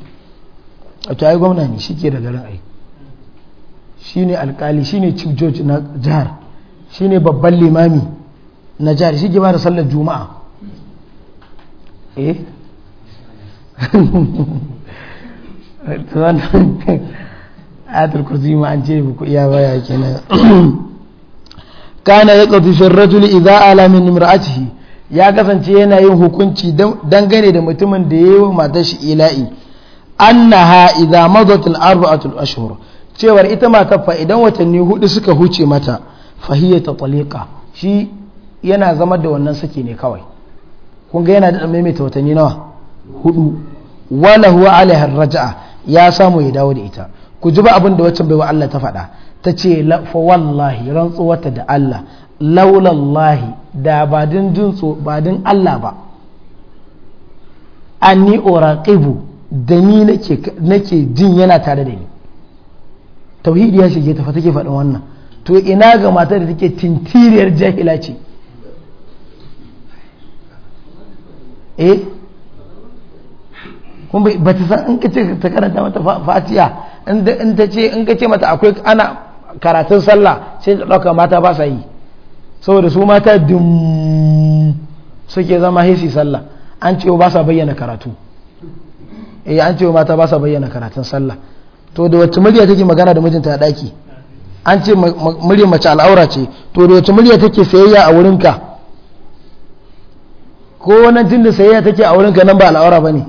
أتو أي قمنا ني شي كيرا غلان أي shine alkali shine chief judge na jihar shine babban limami na jihar shi ke ba da sallar juma'a eh ayatul kursi ma an ce ku iya baya kenan kana ya kasance yana yin hukunci dangane da mutumin da yayi wa matar shi ila'i annaha idza madat al-arba'atul ashhur cewar ita matar fa idan watanni hudu suka huce mata fahiya ta taliqa shi yana zama da wannan saki ne kawai kun ga yana da maimaita watanni nawa hudu wala huwa alaiha raja'a ya samu ya dawo da ita ku ji ba abin da waccan baiwa Allah ta faɗa ta ce fa wallahi rantsuwata da Allah laulallahi da ba din tso ba din Allah ba anni uraqibu da ni nake nake jin yana tare da ni tauhidi ya shige ta fa take faɗin wannan to ina ga matar da take tintiriyar jahila ce eh kun ba ta san in ka ce ta karanta mata fatiha in ta ce in ka ce mata akwai ana karatun sallah sai ta ɗauka mata ba sa yi saboda su mata dum suke zama hesi sallah an ce ba sa bayyana karatu eh an ce mata ba sa bayyana karatun sallah to da wacce murya take magana da mijinta a ɗaki an ce murya mace al'aura ce to da wacce murya take sayayya a wurinka ko wannan tun da sayayya take a wurinka nan ba al'aura ba ne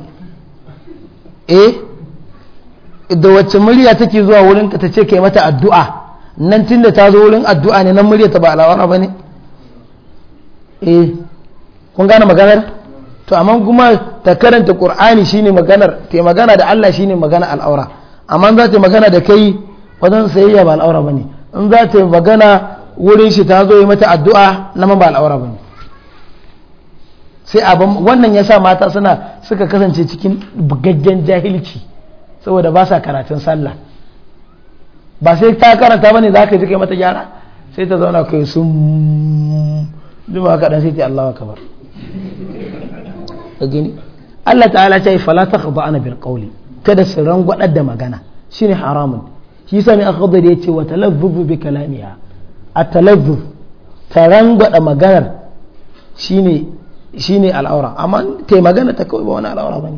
eh da wacce murya take zuwa wurinka ta ce kai mata addu'a nan tun da ta zo wurin addu'a ne nan murya ta ba al'aura ba ne eh kun gane maganar to amma kuma ta karanta qur'ani shine maganar ta magana da Allah shine magana al'aura amma za ta magana da kai wajen sayayya ba al'aura bane in za ta magana wurin shi ta zo yi mata addu'a nan ba al'aura bane sai abin wannan ya sa mata suna suka kasance cikin bugaggen jahilci saboda ba sa karatun sallah ba sai ta karanta bane za ka ji kai mata gyara sai ta zauna kai sun juma kaɗan sai ta Allah kabar gani Allah ta'ala ta yi falata ba ana birkauli kada su rangwadar da magana shine haramun shi yasa a akhdar ya ce wa talabbubu bi kalamiya a talabbu ta rangwada maganar shine Shi ne al'aura amma ta magana ta kawai ba wani al'aura ba ne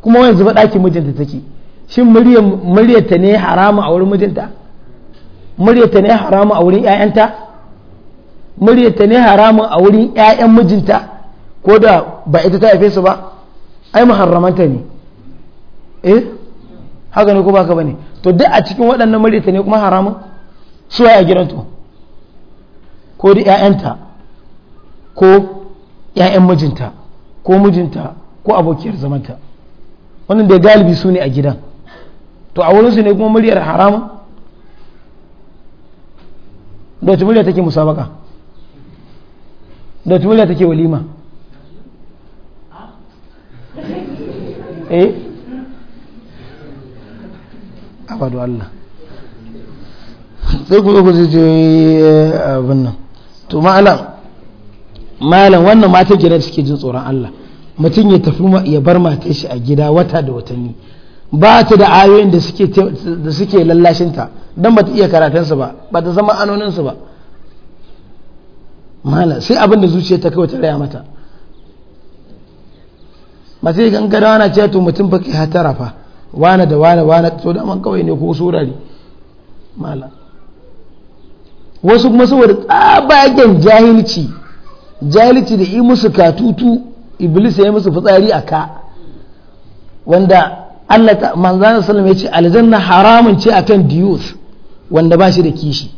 kuma wani zuba ɗaki mijinta take shin muryarta ne harama a wurin mijinta muryarta ne harama a wurin 'ya'yanta muryarta ne harama a wurin 'ya'yan mijinta ko da ba ita ta haife su ba ai muharramanta ne eh haka ne ko ba ka ne to duk a cikin waɗannan muryarta ne kuma haramun su a gidanto ko da 'ya'yanta ko 'ya'yan mijinta ko mijinta ko abokiyar zamanta wannan da galibi su ne a gidan to a wurinsu ne kuma muryar haramun da wata take musabaka da wata take walima eh abadu Allah sai ku zo ku je eh, abin nan to ma'alam malam wannan mata gidan suke jin tsoron Allah mutum ya tafi ya bar matar shi a gida wata da watanni ba ta da ayoyin da suke da suke lallashin ta dan ba ta iya karatunsa ba ba ta zama anoninsu ba malam sai abin da zuciya ta kawai ta raya mata ba sai gangara wana ce to mutum baki hatara fa wana da wana wana to da man kawai ne ko surari malam wasu kuma saboda tsabagen jahilci jalici da yi musu katutu iblis ya yi musu fitsari a ka wanda Allah ta manzana sallam ya ce aljanna haramun ce akan diyus wanda ba shi da kishi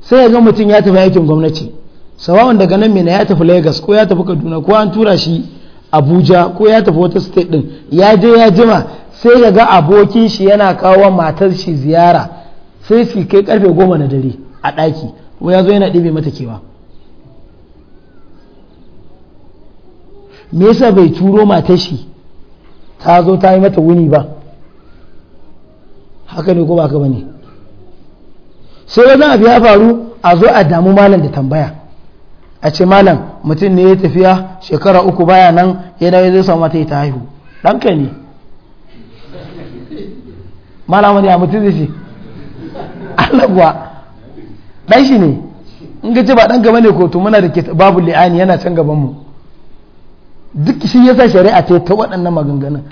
sai ya ga mutum ya tafi aikin gwamnati sawawan daga nan mena ya tafi lagos ko ya tafi kaduna ko an tura shi abuja ko ya tafi wata state din ya je ya jima sai ya ga abokin shi yana kawo matar shi ziyara sai su kai karfe goma na dare a ɗaki ko ya zo yana ɗebe mata kewa me yasa bai turo mata shi ta zo ta yi mata wuni ba haka ne ko ba ka bane sai wajen abu ya faru a zo a damu malam da tambaya a ce malam mutum ne ya tafiya shekara uku baya nan yana yi zai samu mata ta haihu ɗanka ne malam wani a mutum zai ce Allah kuwa ɗan shi ne in ga ce ba ɗan gaba ne ko tumuna muna da babu li'ani yana can gaban mu duk shi ya sa shari'a ta ta waɗannan maganganun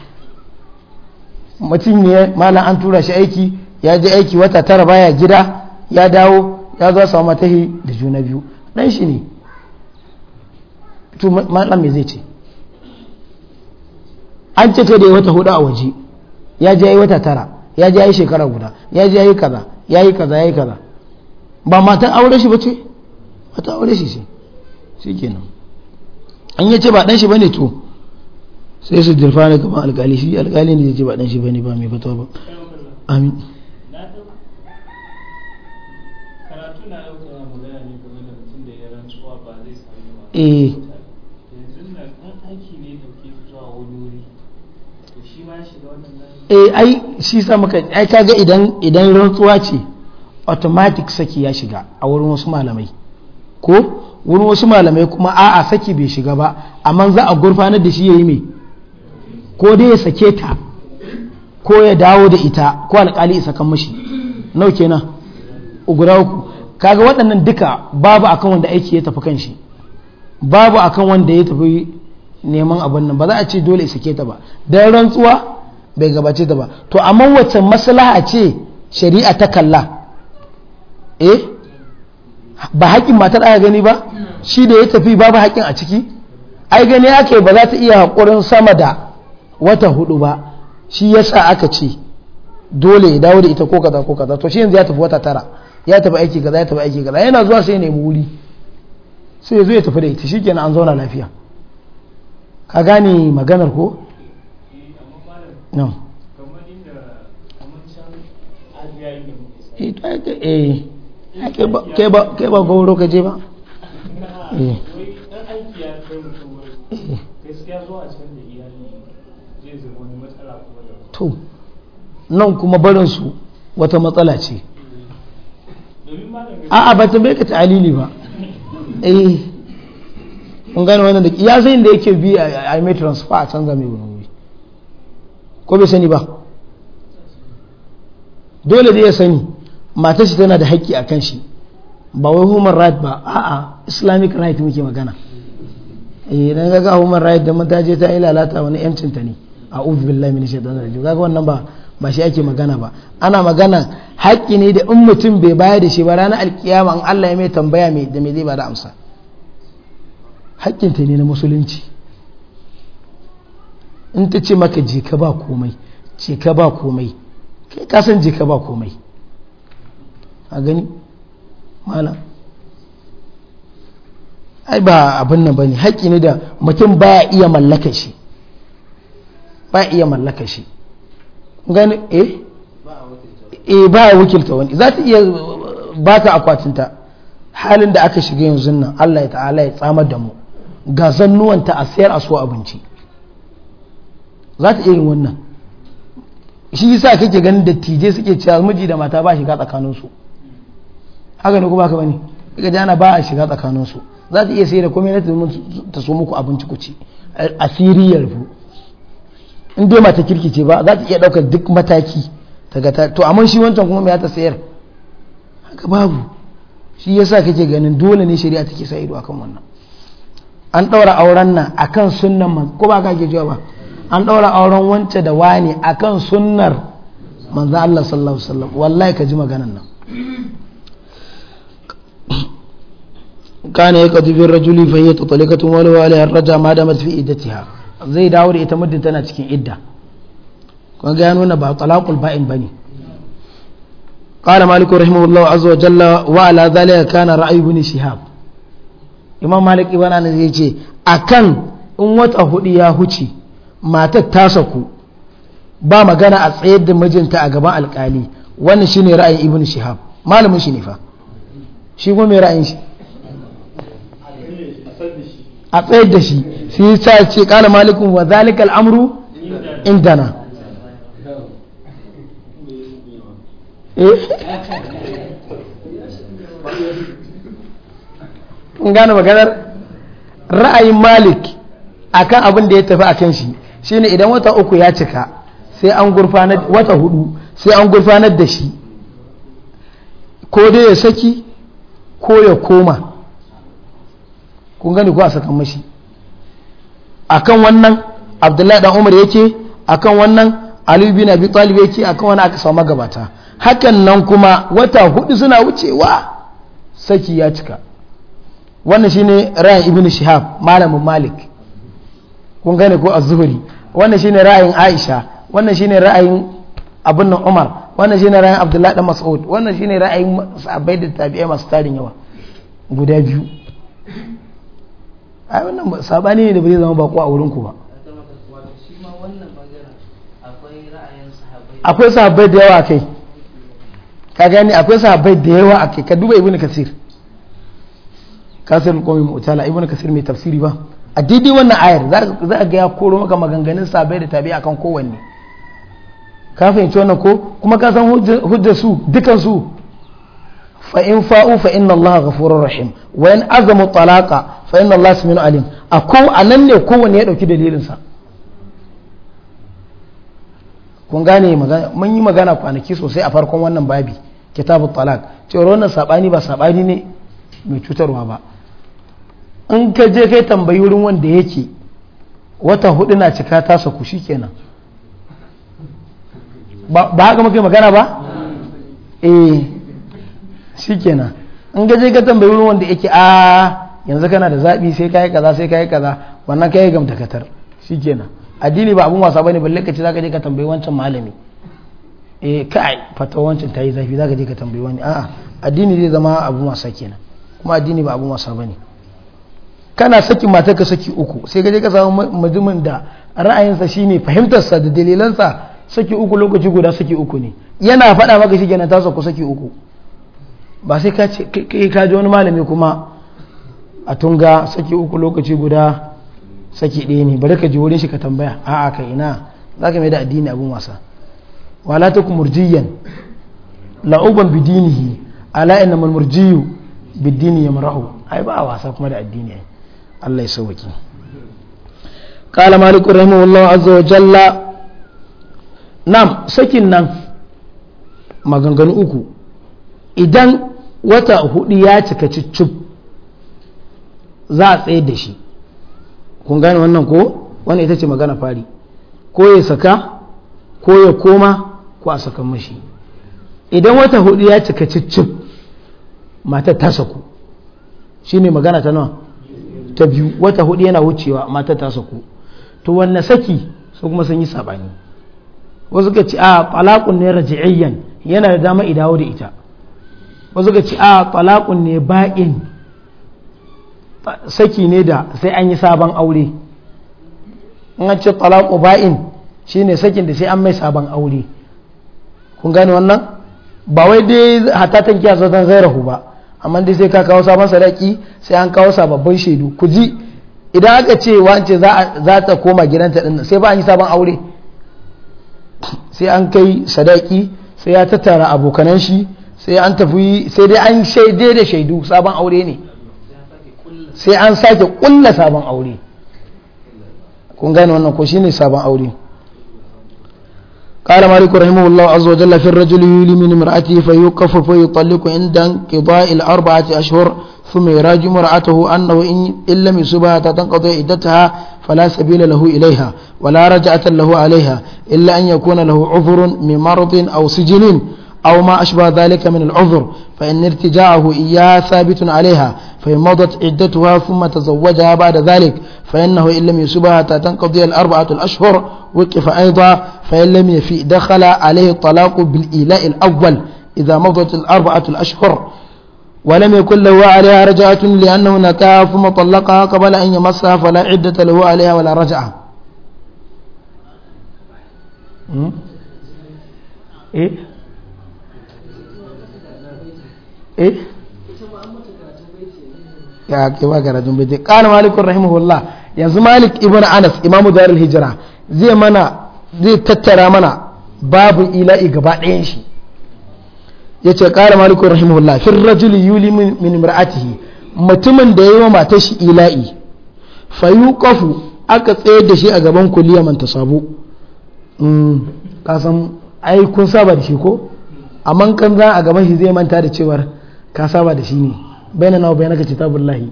mutum ne malam an tura shi aiki ya je aiki wata tara baya gida ya dawo ya zo mata matahi da juna biyu dan shi ne to malam me zai ce an ce ce da wata hudu a waje ya je yi wata tara ya je yi shekara guda ya je yi kaza ya yi kaza ya yi kaza ba matan aure shi ba ce matan aure shi ce shi kenan an yace ba dan shi bane to sai su dirfa ne gaban alkali shi alkali ne zai ce ba dan shi bane ba mai fatawa ba amin eh eh ai shi sa muka ai kaga idan idan rantsuwa ce automatic saki ya shiga a wurin wasu malamai ko wurin wasu malamai kuma a'a saki bai shiga ba amma za a gurfanar da shi ya yi mai ko dai ya sake ta ko ya dawo da ita ko alƙali isa kan mashi nau kenan guda uku kaga waɗannan duka babu akan wanda aiki ya tafi kan shi babu akan wanda ya tafi neman abin nan ba za a ce dole sake ta ba don rantsuwa bai gabace ta ba to amma wacce maslaha ce shari'a ta kalla eh ba haƙƙin matar aka gani ba shi da ya tafi babu haƙƙin a ciki ai gani ake ba za ta iya haƙurin sama da wata hudu ba shi ya sa aka ce dole ya dawo da ita ko kaza ko kaza to shi yanzu ya tafi wata tara ya tafi aiki kaza ya tafi aiki kaza yana zuwa sai ya nemi wuri sai ya zo ya tafi da ita shikenan an zauna lafiya ka gane maganar ko no eh ke ba gauro ka je ba eh. to nan kuma barinsu wata matsala ce a'a ba ta bai ka ta'alili ba eh kun gane wannan da ya sai da yake bi a ime transfer a canza mai wuri ko bai sani ba dole da ya sani matar shi tana da haƙƙi a kan shi ba wai human right ba a'a islamic right muke magana eh, idan ga ga human right da mata je ta yi lalata wani yancin ta ne a uzu billahi min shaitan rajim kaga wannan ba ba shi ake magana ba ana magana haƙƙi ne da in mutum bai bayar da shi ba ranar alkiyama in Allah ya mai tambaya mai da mai zai da amsa haƙƙin ta ne na musulunci in ta ce maka je ka ba komai je ka ba komai kai ka san je ka ba komai a gani mana ai ba abin nan bane haƙi ne da mutum baya iya mallaka shi baya iya mallaka shi gani eh eh baya wakilta wani za ta iya ta akwatinta halin da aka shiga yanzu nan Allah ya ta'ala ya tsamar da mu ga zannuwanta a sayar a so abinci za ta irin wannan shi yasa kake ganin da tije suke cewa miji da mata ba shiga tsakaninsu haka ne kuma ka bane ga jana ba a shiga tsakanin su za ta iya sayar da komai na domin ta so muku abinci ku ci a siriyar ku in dai mata kirki ce ba za ta iya daukar duk mataki daga ta to amma shi wancan kuma me ya ta sayar haka babu shi yasa kake ganin dole ne shari'a take sa ido akan wannan an daura auren nan akan sunnan man ko ba ka ke jiwa ba an daura auren wance da wani akan sunnar manzo Allah sallallahu alaihi wasallam wallahi ka ji maganan nan kana ya kadu bin rajuli fa hiya tatalikatun wa alaiha raja ma iddatiha zai dawo da ita muddin tana cikin idda kun ga nuna ba talaqul ba'in bane قال مالك رحمه الله عز وجل وعلى ذلك كان رأي بن شهاب إمام مالك ابن ce akan in wata وتا ya يا هوتي ta saku ba magana a tsayar da mijinta a gaban alkali wannan shine ra'ayin ibn shihab malamin shi ne fa shi kuma mai ra'ayin shi a tsayar da shi sai ya sa ce kala malikun wa zalikal amru indana eh? kun gane maganar ra'ayin malik akan abin da ya tafi a kan shi shine idan wata uku ya cika sai an gurfanar wata hudu sai an gurfanar da shi ko dai ya saki ko ya koma kun gani ko a sakan mashi akan wannan abdullahi dan umar yake akan wannan ali bin abi talib yake akan wannan aka samu magabata hakan nan kuma wata hudu suna wucewa saki ya cika wannan shine ra'ayin ibnu shihab malamin malik kun gane ko az-zuhri wannan shine ra'ayin aisha wannan shine ra'ayin abun nan umar wannan shine ra'ayin abdullahi dan mas'ud wannan shine ra'ayin sahabbai da tabi'ai masu tarin yawa guda biyu ai wannan sabani ne da bai zama bako a wurin ku ba akwai sahabbai da yawa kai ka gani akwai sahabbai da yawa a kai ka duba ibnu kasir kasir qawmi mu'tala ibnu kasir mai tafsiri ba a didi wannan ayar za ka ga ya koro maka maganganun sahabbai da tabi'a kan kowanne ka fahimci wannan ko kuma ka san hujja su dukan su fa in fa'u fa inna allaha ghafurur rahim wa in azamu talaqa fa inna Allah minu alim a ko ne kowanne ya dauki dalilinsa kun gane magana mun yi magana kwanaki sosai a farkon wannan babi kitabu talak cewar wannan sabani ba sabani ne mai cutarwa ba in ka je kai tambayi wurin wanda yake wata hudu na cika tasa ku kenan ba haka yi magana ba eh kenan in gaje ka tambayi wurin wanda yake a ah, yanzu kana da zaɓi sai kayi kaza sai kayi kaza wannan kayi gamtakatar kenan addini ba abun wasa bane balle ka ce zaka je ka tambayi wancan malami eh kai fata wancan tayi zafi zaka je ka tambayi wani a'a addini zai zama abun wasa kenan kuma addini ba abun wasa bane kana saki mata ka saki uku sai ka je ka samu mutumin da ra'ayinsa shine fahimtarsa da dalilansa saki uku lokaci guda saki uku ne yana faɗa maka shi kenan ta saki uku ba sai ka ce ka ji wani malami kuma a tunga saki uku lokaci guda saki ɗaya ne bari ka ji wurin shi ka tambaya a ka ina za ka mai da addini abin wasa wala ta ku murjiyan la'uban bidinihi ala inna mal murjiyu bidini yamrahu ai ba a wasa kuma da addini Allah ya sauke قال مالك رحمه azza wa jalla nam sakin nan maganganu uku idan wata hudu ya cika cicib za a tsayar da shi kun gane wannan ko wannan ita ce magana fari ko ya saka ko ya koma ko a sakan mashi idan wata hudu ya cika ciccin matar ta saku ne magana ta nawa ta biyu wata hudu yana wucewa matar ta saku to wanne saki su kuma sun yi sabani wasu ka ci a talaqun ne raji'iyyan yana da dama idawo da ita wasu ka ci a talaqun ne ba'in saki ne da sai an yi sabon aure in an ce talaku ba'in shine sakin da sai an mai sabon aure kun gane wannan ba wai dai hatatan ta kiya zai zairahu ba amma dai sai ka kawo sabon sadaki sai an kawo sababbin shaidu ku ji idan aka ce wance za ta koma gidanta din sai ba an yi sabon aure sai an kai sadaki sai ya tattara abokanan shi sai an tafi sai dai an shaide da shaidu sabon aure ne sai an sake kulla sabon aure kun gane wannan ko shine sabon aure قال مالك رحمه الله عز وجل في الرجل يولي من امرأته فيوقف فيطلق عند انقضاء الأربعة أشهر ثم يراجع امرأته أنه إن لم يصبها تنقضي عدتها فلا سبيل له إليها ولا رجعة له عليها إلا أن يكون له عذر من مرض أو سجن أو ما أشبه ذلك من العذر فإن ارتجاعه إياها ثابت عليها فإن مضت عدتها ثم تزوجها بعد ذلك فإنه إن لم يسبها حتى تنقضي الأربعة الأشهر وقف أيضا فإن لم يفي دخل عليه الطلاق بالإيلاء الأول إذا مضت الأربعة الأشهر ولم يكن له عليها رجعة لأنه نكاها ثم طلقها قبل أن يمسها فلا عدة له عليها ولا رجعة إيه Eh? ya ke ba garajin bai kana malikun rahimahullah yanzu malik ibnu anas imamu darul hijira zai mana zai tattara mana babu ila'i gaba ɗayan shi ya ce ƙara malikun rahimahullah fin rajuli yuli min mar'atihi mutumin da ya yi wa matar shi ila'i fayu kafu aka tsayar da shi a gaban kuliya man sabu hmm, kasan ai kun saba da shi ko amma kan za a gaban shi zai manta da cewar ka saba da shi ne bayna nawa bayna ka kitabullahi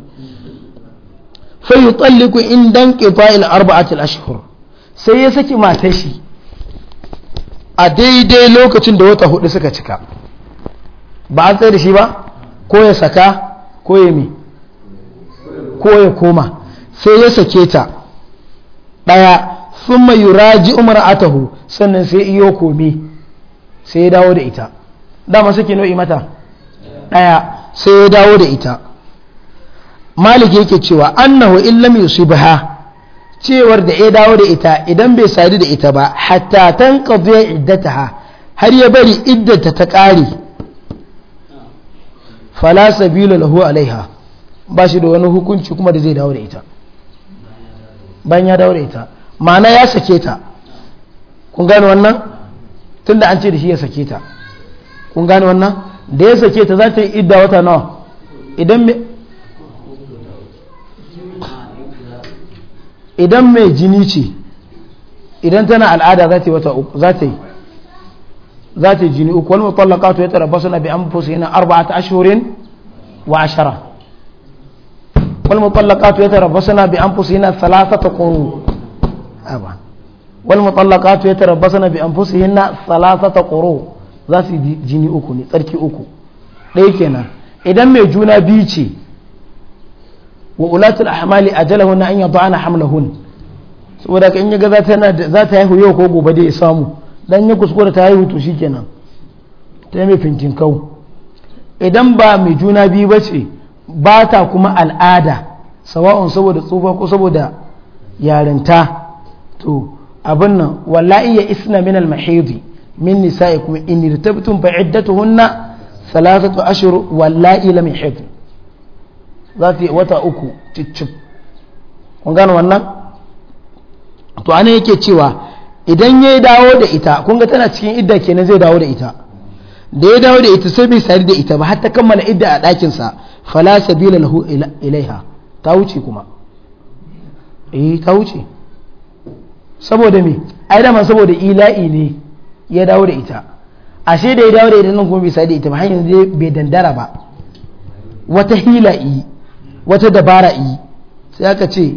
fa yutalliqu indan qita'il arba'ati al-ashhur sai ya saki matar shi a daidai lokacin da wata hudu suka cika ba a tsaye da shi ba ko ya saka ko ya mi ko ya koma sai ya sake ta ɗaya sun mai yuraji umar atahu sannan sai iyo komi sai ya dawo da ita dama suke nau'i mata ɗaya sai ya dawo da ita maliki yake cewa annahu illam yusibha cewar da ya dawo da ita idan bai sadu da ita ba hatta tanqadi iddataha har ya bari iddata ta ƙare fala sabila lahu alaiha ba shi da wani hukunci kuma da zai dawo da ita bayan ya dawo da ita ma'ana ya sake ta kun gane wannan tunda an ce da shi ya sake ta kun gane wannan da ya sake ta za ta yi idda wata nawa idan idan mai jini ce idan tana al'ada za ta yi wata uku za ta yi za ta yi jini uku wani mutallaka to ya tarabbasu na bi an fusa yana arba'ata ashirin wa ashara wani mutallaka to ya tarabbasu na bi an fusa yana salasa ta kuru والمطلقات يتربصن بأنفسهن ثلاثة قروء za su yi jini uku ne tsarki uku ɗaya kenan idan mai juna biyu ce wa ulatul ahmali na an hamla hamlahun saboda kan yaga za ta za ta haihu yau ko gobe da ya samu dan ya kuskura ta haihu to shi kenan. ta yi mai fintin kau idan ba mai juna biyu ba ce ba ta kuma al'ada sawa'un saboda tsufa ko saboda yarinta to abin nan wallahi ya isna min al-mahidi min nisa'ikum in irtabtum fa iddatuhunna thalathatu ashhur wallahi lam yahid za ta yi wata uku cicip kun gane wannan to ana yake cewa idan ya dawo da ita kun ga tana cikin idda kenan zai dawo da ita da ya dawo da ita sai bai sari da ita ba har ta kammala idda a ɗakinsa fala sabila lahu ilaiha ta wuce kuma eh ta wuce saboda me ai da saboda ila'i ne ya dawo da ita ashe da ya dawo da ita nan kuma bai da ita ba hanyar bai dandara ba wata hila yi wata dabara yi sai aka ce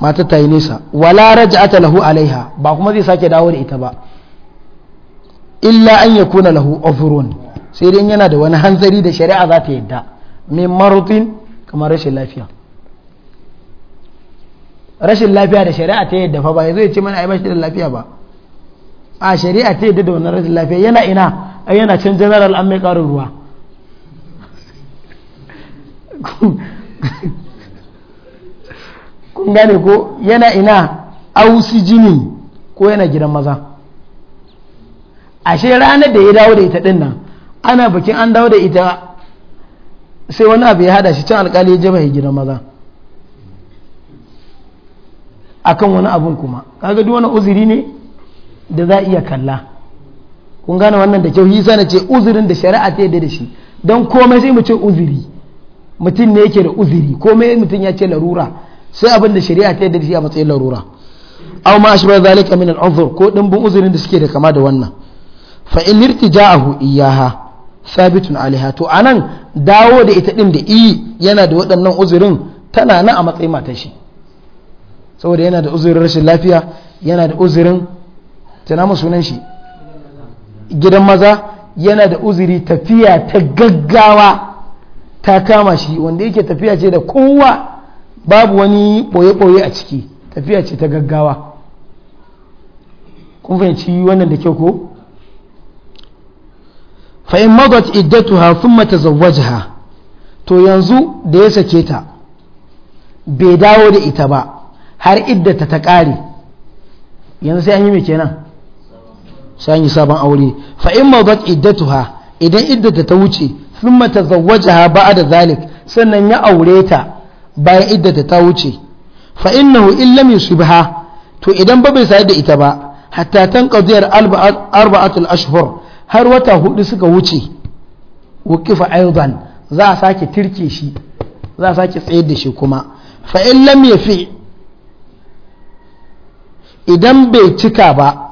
mata ta yi nesa wala ata lahu alaiha ba kuma zai sake dawo da ita ba illa an ya yakuna lahu uzrun sai dai yana da wani hanzari da shari'a za ta yadda min marutin kamar rashin lafiya rashin lafiya da shari'a ta yadda fa ba zai ce mana ai ba shi da lafiya ba a shari'a ta yadda da wannan rashin lafiya yana ina a yana can general an mai karin ruwa kun gane ko yana ina ausi jini ko yana gidan maza ashe ranar da ya dawo da ita din ana bikin an dawo da ita sai wani abu ya hada shi can alkali ya jaba ya gidan maza akan wani abun kuma kaga duk wani uzuri ne da za iya kalla kun gane wannan da kyau yi sana ce uzurin da shari'a ta yadda da shi don komai sai mu ce uzuri mutum ne yake da uzuri komai mutum ya ce larura sai abin da shari'a ta yadda da shi a matsayin larura aw ma ashba zalika min al-uzur ko dimbin uzurin da suke da kama da wannan fa in irtija'ahu iyaha sabitun alaiha to anan dawo da ita din da i yana da waɗannan uzurin tana nan a matsayin matar shi saboda yana da uzurin rashin lafiya yana da uzurin tana ma sunan shi gidan maza yana da uziri tafiya ta gaggawa ta kama shi wanda yake tafiya ce da kowa babu wani ɓoye-ɓoye a ciki tafiya ce ta gaggawa kun fahimci wannan da kyau ko fa'in magot iddatuha sun mata to yanzu da ya sake ta bai dawo da ita ba har iddata ta ƙare yanzu sai an yi mai kenan sai sabon aure fa in mawdat iddatuha idan iddata ta wuce sun mata thumma tazawwajaha ba'da zalik sannan ya aure ta bayan iddata ta wuce fa innahu in ba ha to idan ba bai sayar da ita ba hatta tanqadiyar arba'atul ashhur har wata hudu suka wuce wukifa aidan za a sake tirke shi za a sake tsayar da shi kuma fa in lam fi idan bai cika ba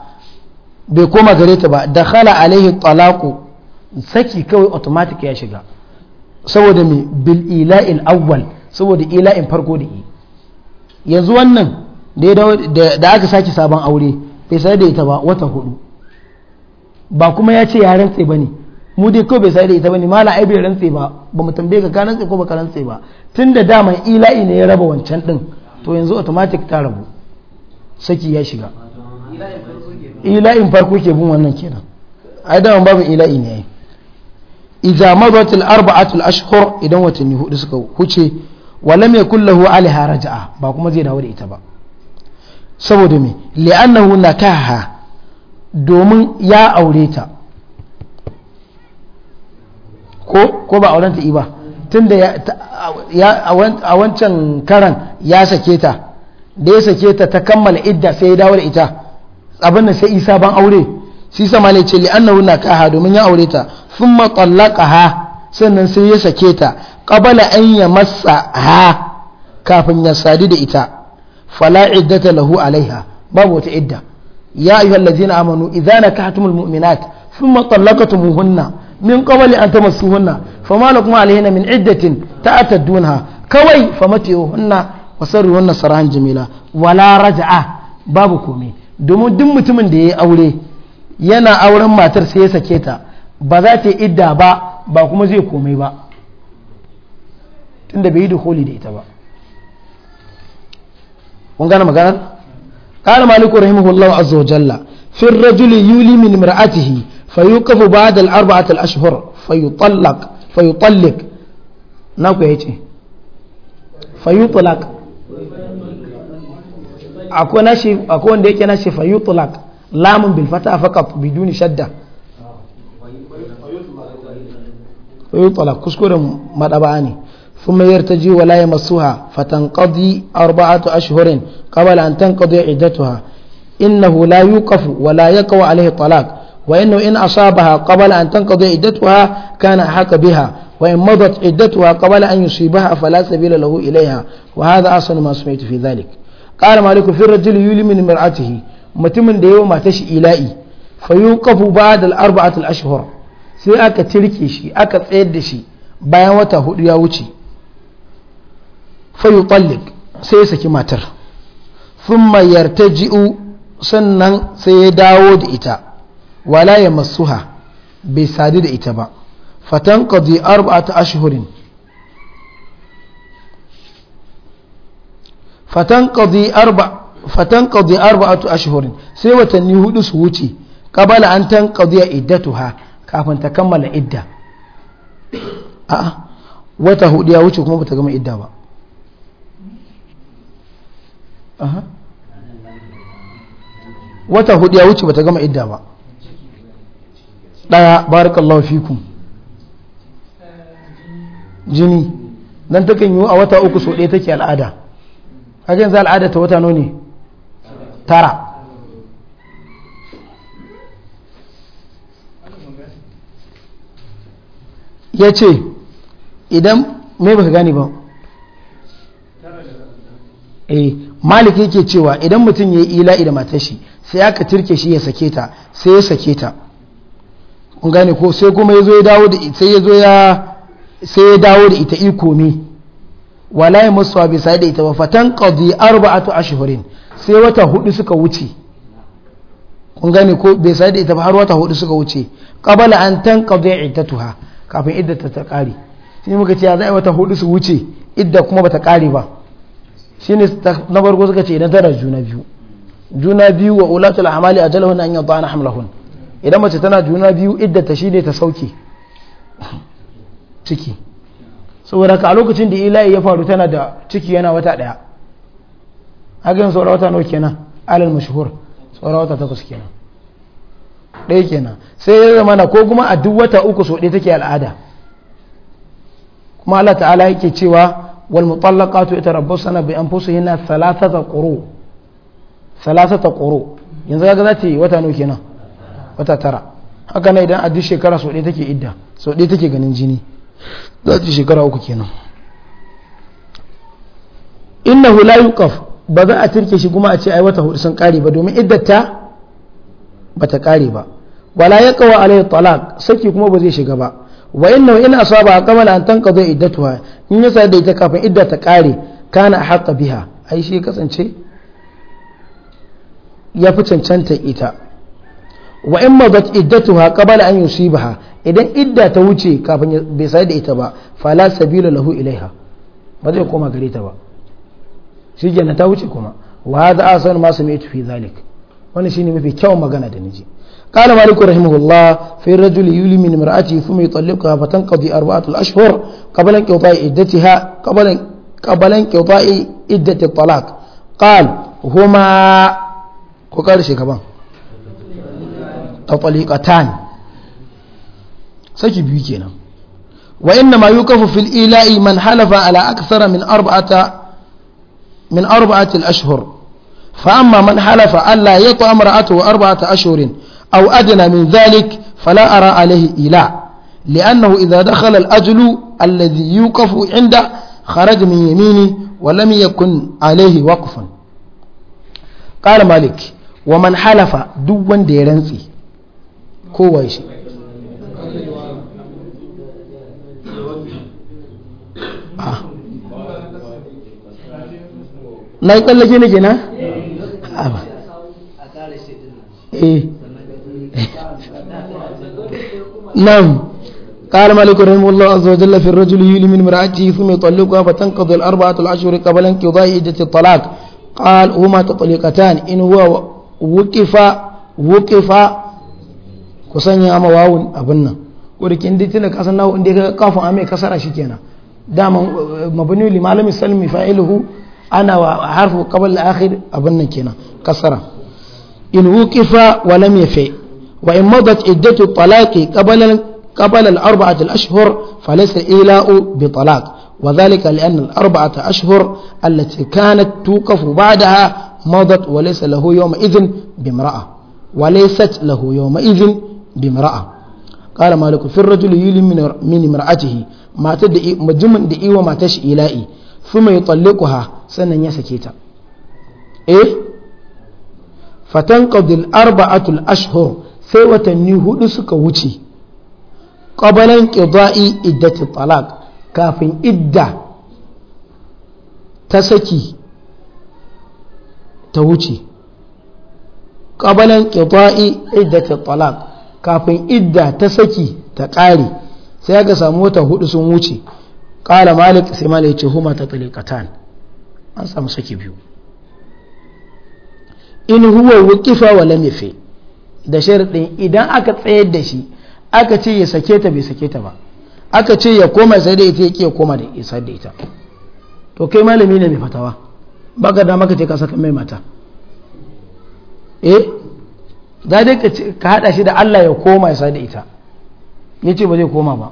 bai koma gare ta ba da khala alaihi talaku saki kawai automatic ya shiga saboda mai bil ila'in awwal saboda ila'in farko da yi yanzu wannan da aka saki sabon aure bai sai da ita ba wata hudu ba kuma ya ce ya rantse ba ne mu dai kawai bai sai da ita ba ne mala ai bai rantse ba ba mu tambaye ka ka rantse ko ba ka rantse ba tun da daman ila'i ne ya raba wancan din to yanzu automatic ta rabu saki ya shiga ila'in farko ke bin wannan kenan ai da babu ila'i ne idza madatil arba'atul arba'at al ashhur idan watanni hudu suka huce wa lam yakul lahu alaha raja'a ba kuma zai dawo da ita ba saboda me li'annahu nakaha domin ya aure ta ko ko ba auren ta iba tunda ya a wancan karan ya sake ta da ya sake ta ta kammala idda sai ya dawo da ita abin da sai isa ban aure shi sama ne ce na kaha domin ya aure ta thumma ha sannan sai ya sake ta qabala an matsa ha kafin ya sadu da ita fala iddata lahu alaiha babu wata idda ya ayyuhal ladzina amanu idza nakahtumul mu'minat thumma talaqatumuhunna min qabli an tamassuhunna fama lakum alaihinna min iddatin ta'taddunha kawai famatihuhunna wasarruhunna sarahan jamila wala raj'a babu komai domin duk mutumin da ya yi aure yana auren matar sai ya sake ta ba za ta yi idda ba ba kuma zai komai ba tun da bai yi dukoli da ita ba kun gane maganar? ƙara malikun rahimu hullawa a zojalla fin rajuli yuli min mar'atihi fayu kafa ba da al'arba a tal'ashihar fayu tallak أكون nashi akwai wanda yake nashi fa yutlaq lamun bil fata faqat biduni shadda fa yutlaq kuskuren madaba ثم يرتجي ولا يمسها فتنقضي أربعة أشهر قبل أن تنقضي عدتها إنه لا يوقف ولا يقوى عليه الطلاق وإنه إن أصابها قبل أن تنقضي عدتها كان أحق بها وإن مضت عدتها قبل أن يصيبها فلا سبيل له إليها وهذا أصل ما سمعت في ذلك ƙara maliku fi rajul yulimi min mar'atihi mutumin da yawa mata shi ila'i fa yuqafu ba da arbaati ashhur sai aka tirke shi aka tsayar da shi bayan wata hudu ya wuce fa yutalliq sai ya saki matar thumma yartaji'u sannan sai ya dawo da ita wala ya masuha bai sadu da ita ba fatan qadi arba'ata ashhurin fatanqadi arba fatanqadi arba'atu ashhurin sai watanni hudu su wuce kabala an tanqadiya iddatuha kafin ta kammala idda a'a wata hudu ya wuce kuma ta gama idda ba wata hudu ya wuce ta gama idda ba daya barakallahu fikum jini dan takan yi a wata uku so ɗaya take al'ada kaga za al'ada ta wata ne tara ya ce idan mai baka gane ba eh malik yake cewa idan mutum ya yi ila'i da matashi sai aka turke shi ya sake ta sai ya sake ta kun gane ko sai kuma ya zo ya dawo da sai ya zo ya sai ya dawo da ita iko ne wala ya musu bi sai da ita ba fatan qadi arba'atu ashhurin sai wata hudu suka wuce kun gane ko bai sai da ita ba har wata hudu suka wuce qabala an qadi iddatuha kafin iddata ta kare sai muka ce ya zai wata hudu su wuce idda kuma bata kare ba shine na farko suka ce idan tana juna biyu juna biyu wa ulatul amali ajalahun an yadana hamlahun idan mace tana juna biyu shi shine ta sauke ciki saboda ka a lokacin da ila'i ya faru tana da ciki yana wata daya haka yin saurawa wata nawa kenan alal mashahur Saurawa wata takwas kenan ɗaya kenan sai ya zama na ko kuma a duk wata uku so ɗaya take al'ada kuma Allah ta'ala yake cewa wal mutallaqatu yatarabbasna bi anfusihinna thalathata quru thalathata quru yanzu kaga za ta yi wata nawa kenan wata tara haka ne idan a duk shekara so ɗaya take idda so ɗaya take ganin jini za ta shekara uku kenan innahu la yuqaf ba za a turke shi kuma a ce ai wata hudu sun kare ba domin ba ta kare ba wala yaqwa alaihi talaq saki kuma ba zai shiga ba wa inna saba asaba qabla an tanqada iddatuha in ya sa da ita kafin idda ta kare kana haƙa biha ai shi kasance ya fi cancanta ita wa in mazat iddatuha qabala an yusibaha idan idda ta wuce kafin bai sai ita ba fala sabila lahu ilaiha ba zai koma gare ta ba shi gena ta wuce kuma wa hadha asan ma sami'tu fi zalik wannan shine mafi kyau magana da niji qala maliku rahimahullah fi rajul yuli min imra'ati thumma yutalliqaha fa tanqadi arba'atu ashhur qabala qita'i iddatiha qabala qabala qita'i iddati talaq qal huma ko kare shi tataliqatan saki biyu kenan wa inna ma yukafu fil ila'i man halafa ala akthara min arba'ata ashhur fa amma man halafa alla yata amra'atuhu arba'ata ashhurin aw adna min zalik fala ara alayhi ila' لأنه إذا دخل الأجل الذي يوقف عنده خرج من يمينه ولم يكن عليه وقف قال مالك ومن حلف دون ديرنسي kowa آه. لا na yi tsallake ne نعم قال مالك رحمه الله عز وجل في الرجل يولي من امرأته ثم يطلقها فتنقضي الأربعة الأشهر قبل انقضاء عدة الطلاق قال هما تطليقتان إن هو وقف وقف ku sanya ma wawun abin nan kurikin dai tunda kasan nawo inda ka kafin amai kasara shikenan dama mabni li malami salmi fa'iluhu ana wa harfu qabl al-akhir abin nan kenan kasara in wuqifa wa lam yafi wa in madat iddatu talaqi qabla قبل الأربعة الأشهر فليس إيلاء بطلاق وذلك لأن الأربعة أشهر التي كانت توقف بعدها مضت وليس له يومئذ بامرأة وليست له يومئذ bimra'a kala maliku fi rajul yuli min imra'atihi matar da majmun da iwa matar shi ila'i su mai tallikuha sannan ya sake ta eh fatanqadil arba'atul ashhur sai watanni hudu suka wuce qabalan qida'i iddati talaq kafin idda ta saki ta wuce qabalan qida'i iddati talaq kafin idda ta saki ta ƙare sai aka samu wata hudu sun wuce ƙara malik sai malik ce huma ta talikatan an samu saki biyu in huwa wukifa wa lamife da sharadin idan aka tsayar da shi aka ce ya sake ta bai sake ta ba aka ce ya koma sai da ita yake ya koma da isa da ita to kai malami ne mai fatawa baka da maka ce ka saka mai mata eh za ka haɗa shi da Allah ya koma ya da ita ya ce ba zai koma ba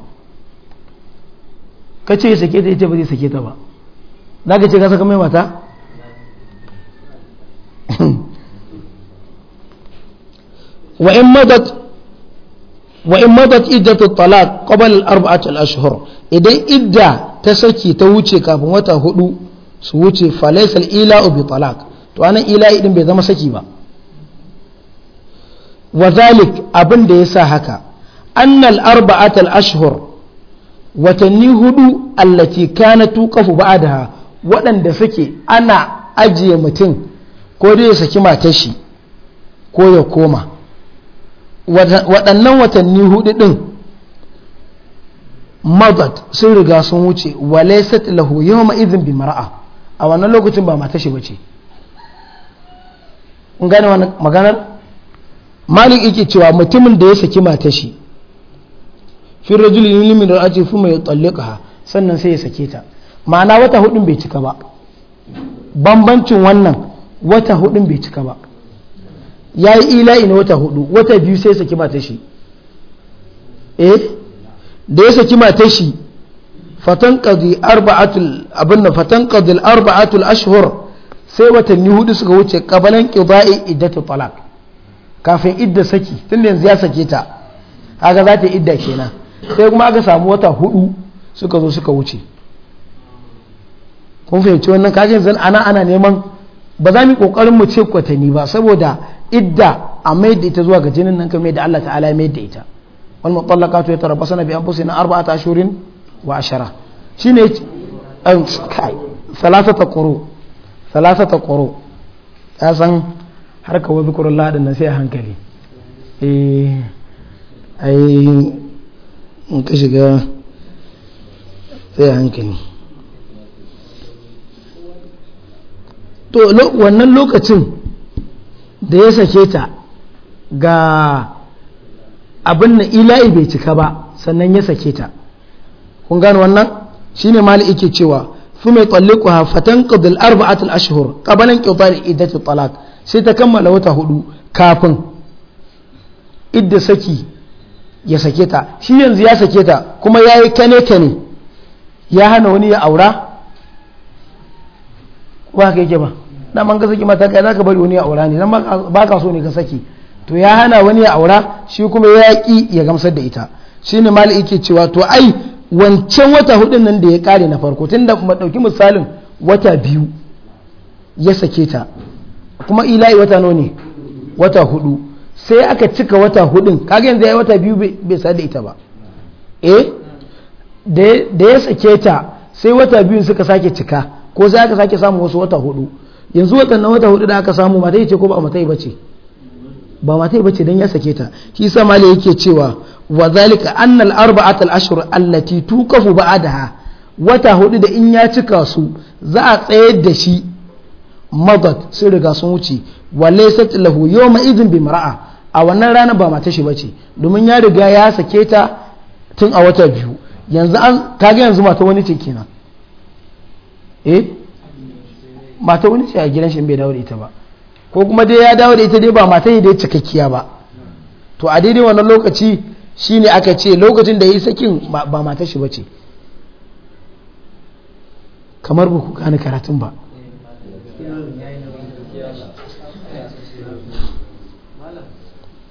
ka ce ya sake ta ya ce ba zai sake ta ba za ka ce ka saka mai wa in madat iddatu talaq qabl al arba'ati al ashhur idan idda ta saki ta wuce kafin wata hudu su wuce falaysa al ila'u bi talaq to anan ila'i ɗin bai zama saki ba wa zalik abin da ya sa haka annal arba'atal ashhur watanni hudu allati kana tuqafu ba'daha waɗanda suke ana ajiye mutum ko dai ya saki matar shi ko ya koma waɗannan watanni hudu ɗin madat sun riga sun wuce walaisat lahu yawma idhin bi mar'a a wannan lokacin ba matashi shi bace gane wannan maganar malik yake cewa mutumin da ya saki mata shi fi rajuli limin ra'ati fi mai tsallika sannan sai ya sake ta ma'ana wata hudun bai cika ba bambancin wannan wata hudun bai cika ba ya yi ila'i na wata hudu wata biyu sai ya saki mata shi eh da ya saki mata shi fatanqadi arba'atul abin da fatanqadi arba'atul ashhur sai watanni hudu suka wuce qabalan qida'i iddatu talaq kafin idda saki tun da yanzu ya sake ta haka za ta idda kenan sai kuma aka samu wata hudu suka zo suka wuce kun fahimci wannan kajin zan ana ana neman ba za mu kokarin mu ce kwatani ba saboda idda a mai da ita zuwa ga jinin nan kamar da Allah ta'ala mai da ita wal mutallaqatu yatarabbasuna bi anfusina arba'ata ashurin wa ashara shine an um, kai salasata quru salasata quru ya san har kawai zikurun ladin na sai a hankali eh ai in ka shiga sai a hankali to wannan lokacin da ya sake ta ga abin na ila'i bai cika ba sannan ya sake ta kun gano wannan shine mali ike cewa fi mai tsalliku ha fatan qadil arba'atul ashihur qabalan ƙyautar idatul talak. sai ta kammala wata hudu kafin idda saki ya sake ta shi yanzu ya sake ta kuma ya yi kane-kane ya hana wani ya aura ba ka yake ba na man ka saki mata za ka bari wani ya aura ne don ba ka so ne ka saki to ya hana wani ya aura shi kuma ya ya gamsar da ita shi ne mali cewa to ai wancan wata hudun nan da ya kare na farko tun da ɗauki misalin wata biyu ya sake ta kuma ila'i wata noni wata hudu sai aka cika wata hudun kaga yanzu ya wata biyu bai sa da ita ba eh da ya sake ta sai wata biyu suka sake cika ko sai aka sake samu wasu wata hudu yanzu waɗannan wata hudu da aka samu matai ce ko ba mata yi bace ba mata yi bace don ya sake ta shi sa malai yake cewa wa zalika annal arba'at al ashur allati tukafu ba'daha wata hudu da in ya cika su za a tsayar da shi madad sun riga sun wuce wa laysat lahu yawma izin bi mar'a a wannan rana ba mata shi bace domin ya riga ya sake ta tun a wata biyu yanzu an kaga yanzu mata wani ce kenan eh mata wani ce a gidan shi bai dawo da ita ba ko kuma dai ya dawo da ita dai ba mata yi dai cikakkiya ba to a daidai wannan lokaci shine aka ce lokacin da yi sakin ba mata shi bace kamar ba ku gane karatun ba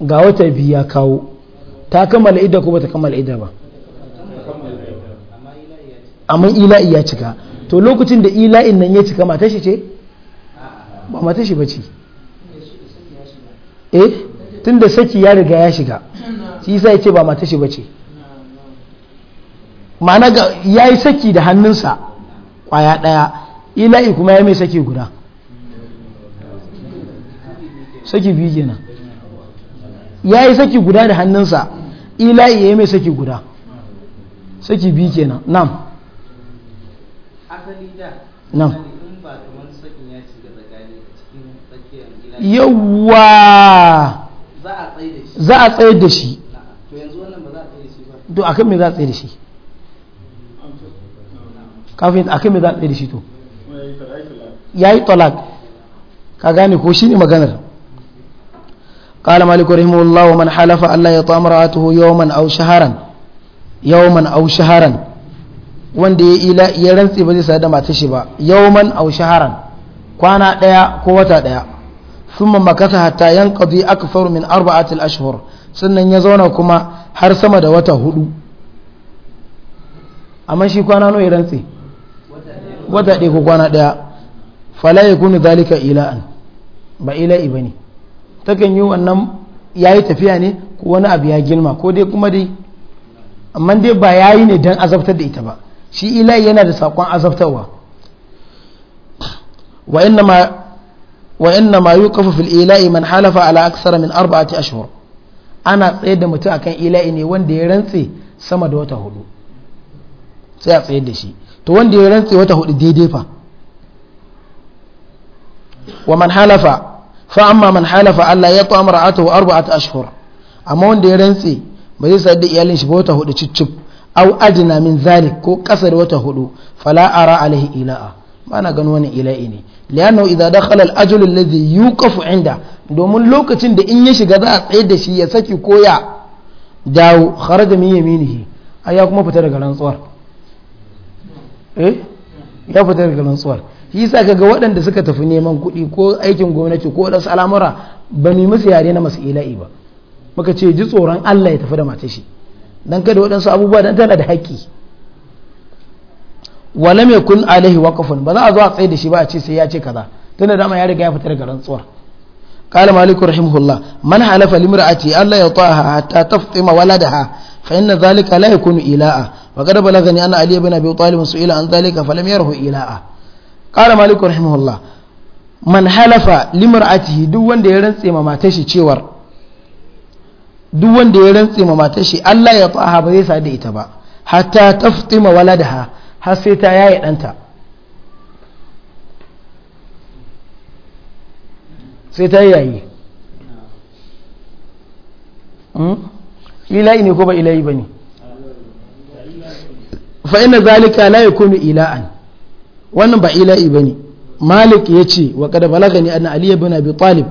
ga wata biyu ya kawo ta kammala idda ko bata kammala idda ba amma ila'i ya cika to lokacin da ila'in nan ya cika matashi ce ba matashi ba ce eh tun da saki ya riga ya shiga shi yasa ya ce ba matashi ba ce ma'ana ga ya yi saki da hannunsa kwaya ɗaya ila'i kuma ya mai saki guda saki biyu kenan ya yi saki guda da hannunsa ila iya mai saki guda saki bi kenan nan nan da yawwa za a tsaye da shi to akan mai za a tsaye da shi kafin akan mai za a tsaye da shi to ya yi talak ka gane ko shi ne maganar قال مالك رحمه الله ومن حلف ألا يطأ امرأته يوما أو شهرا يوما أو شهرا wanda ya ila ya rantsi ba zai sayar da matar shi ba yawman aw shaharan kwana daya ko wata daya thumma makasa hatta yanqadi akthar min arba'ati al-ashhur sannan ya zauna kuma har sama da wata hudu amma shi kwana nawa ya rantsi wata daya ko kwana daya ba ila'i takan yi wannan ya yi tafiya ne ko wani abu ya girma ko dai kuma dai amma dai ba ya yi ne don azabtar da ita ba shi ila'i yana da saƙon azabtarwa wa inna ma yi kafa fil ila'i man halafa ala aksara min arba'ati ashur ana tsaye da mutum akan ila'i ne wanda ya rantse sama da wata hudu sai a tsaye da shi to wanda ya rantse wata hudu daidai fa wa man halafa fa amma man halafa Allah ya tu'amara atahu arba'ata ashhur amma wanda ya rantse ba zai da iyalin shi ba wata hudu ciccip au adna min zalik ko kasa da wata hudu fala ara alaihi ila'a ba na gano wani ila'i ne liyanau idza dakhala al-ajl alladhi yuqafu inda domin lokacin da in ya shiga za a tsaye da shi ya saki ko ya dawo kharaja min yaminihi ai ya kuma fita daga rantsuwar eh ya fita daga rantsuwar shi sa kaga waɗanda suka tafi neman kuɗi ko aikin gwamnati ko wasu al'amura ba mu musu yare na masu ila'i ba muka ce ji tsoron Allah ya tafi da mace shi dan kada waɗansu abubuwa dan tana da hakki. wala me kun alaihi waqafun ba za a zo a tsaye da shi ba a ce sai ya ce kaza tana da ya riga ya fitar garan tsuwar qala maliku rahimahullah man halafa limra'ati alla yata'aha hatta taftima waladaha fa inna zalika la yakunu ila'a wa qad balagani anna ali ibn abi su ila an zalika falam yarhu ila'a qala malik rahimahullah man halafa limra'atihi duk wanda ya rantse ma matar shi cewar duk wanda ya rantse ma matar shi Allah ya taha ba zai sadu da ita ba hatta taftima waladaha har sai ta yaye danta sai ta yayi hmm? ila'i ne ko ba ila'i ba ne fa'ina zalika la ya kome ila'an wannan ba ila'i ba ne malik ya ce wa kada balaga ne an aliyu bin abi talib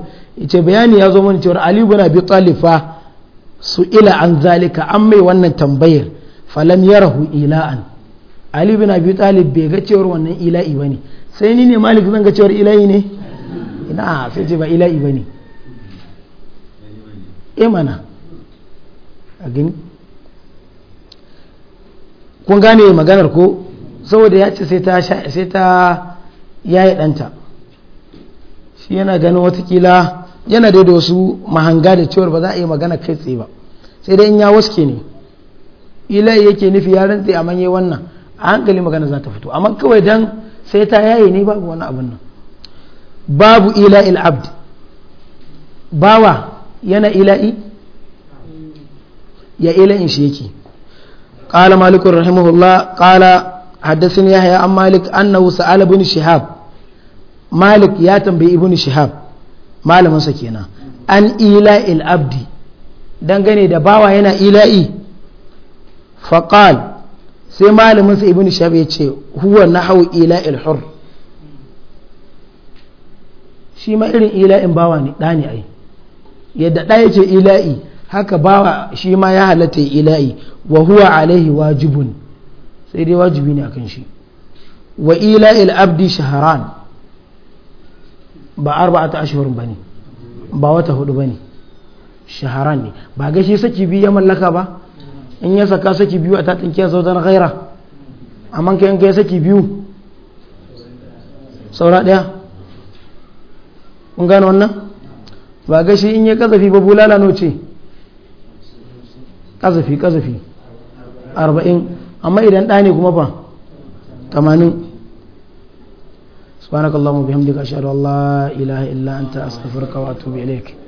ce bayani ya zo mana cewar aliyu bin abi talib fa su ila an zalika an mai wannan tambayar falam rahu ila'an aliyu bin abi talib bai ga cewar wannan ila'i bane sai ni ne malik zan ga cewar ila'i ne ina sai ce ba ila'i bane ne eh imana a gani kun gane maganar ko saboda ya ce sai ta yayi ɗanta shi yana ganin watakila yana dai da wasu mahanga da cewar ba za a yi magana kai tsaye ba sai dai in ya waske ne ila yake nufi ya rantse a manye wannan a hankali magana za ta fito amma kawai dan sai ta yaye ne babu wani abin nan babu ila il abd bawa yana ila'i ya ila'in shi yake قال مالك رحمه الله قال حدثني يحيى عن مالك أنه سأل ya tambayi مالك ياتم بابن شهاب مالما سكينا أن إيلاء العبد dangane da bawa yana ila'i faƙal sai malaminsa ibn shahab ya ce huwa na hau ila'il hur shi ma irin ila'in bawa ne ɗa ne ai yadda ɗaya ce ila'i haka bawa shi ma ya halatta ila'i wa huwa alaihi wajibun sai dai wajibi ne akan shi wa ila il abdi shaharan ba arba'ata ta bane ba wata hudu bane shaharan ne ba ga shi saki biyu ya mallaka ba in ya saka saki biyu a tatin kiyar zautar ghaira amma kayan kai saki biyu saura daya kun gane wannan ba ga shi in ya kazafi ba bulala no ce kazafi kazafi arba'in amma idan ɗa ne kuma fa tamanin subhanakallahumma bihamdika ashhadu an la ilaha illa anta astaghfiruka wa atubu ilaik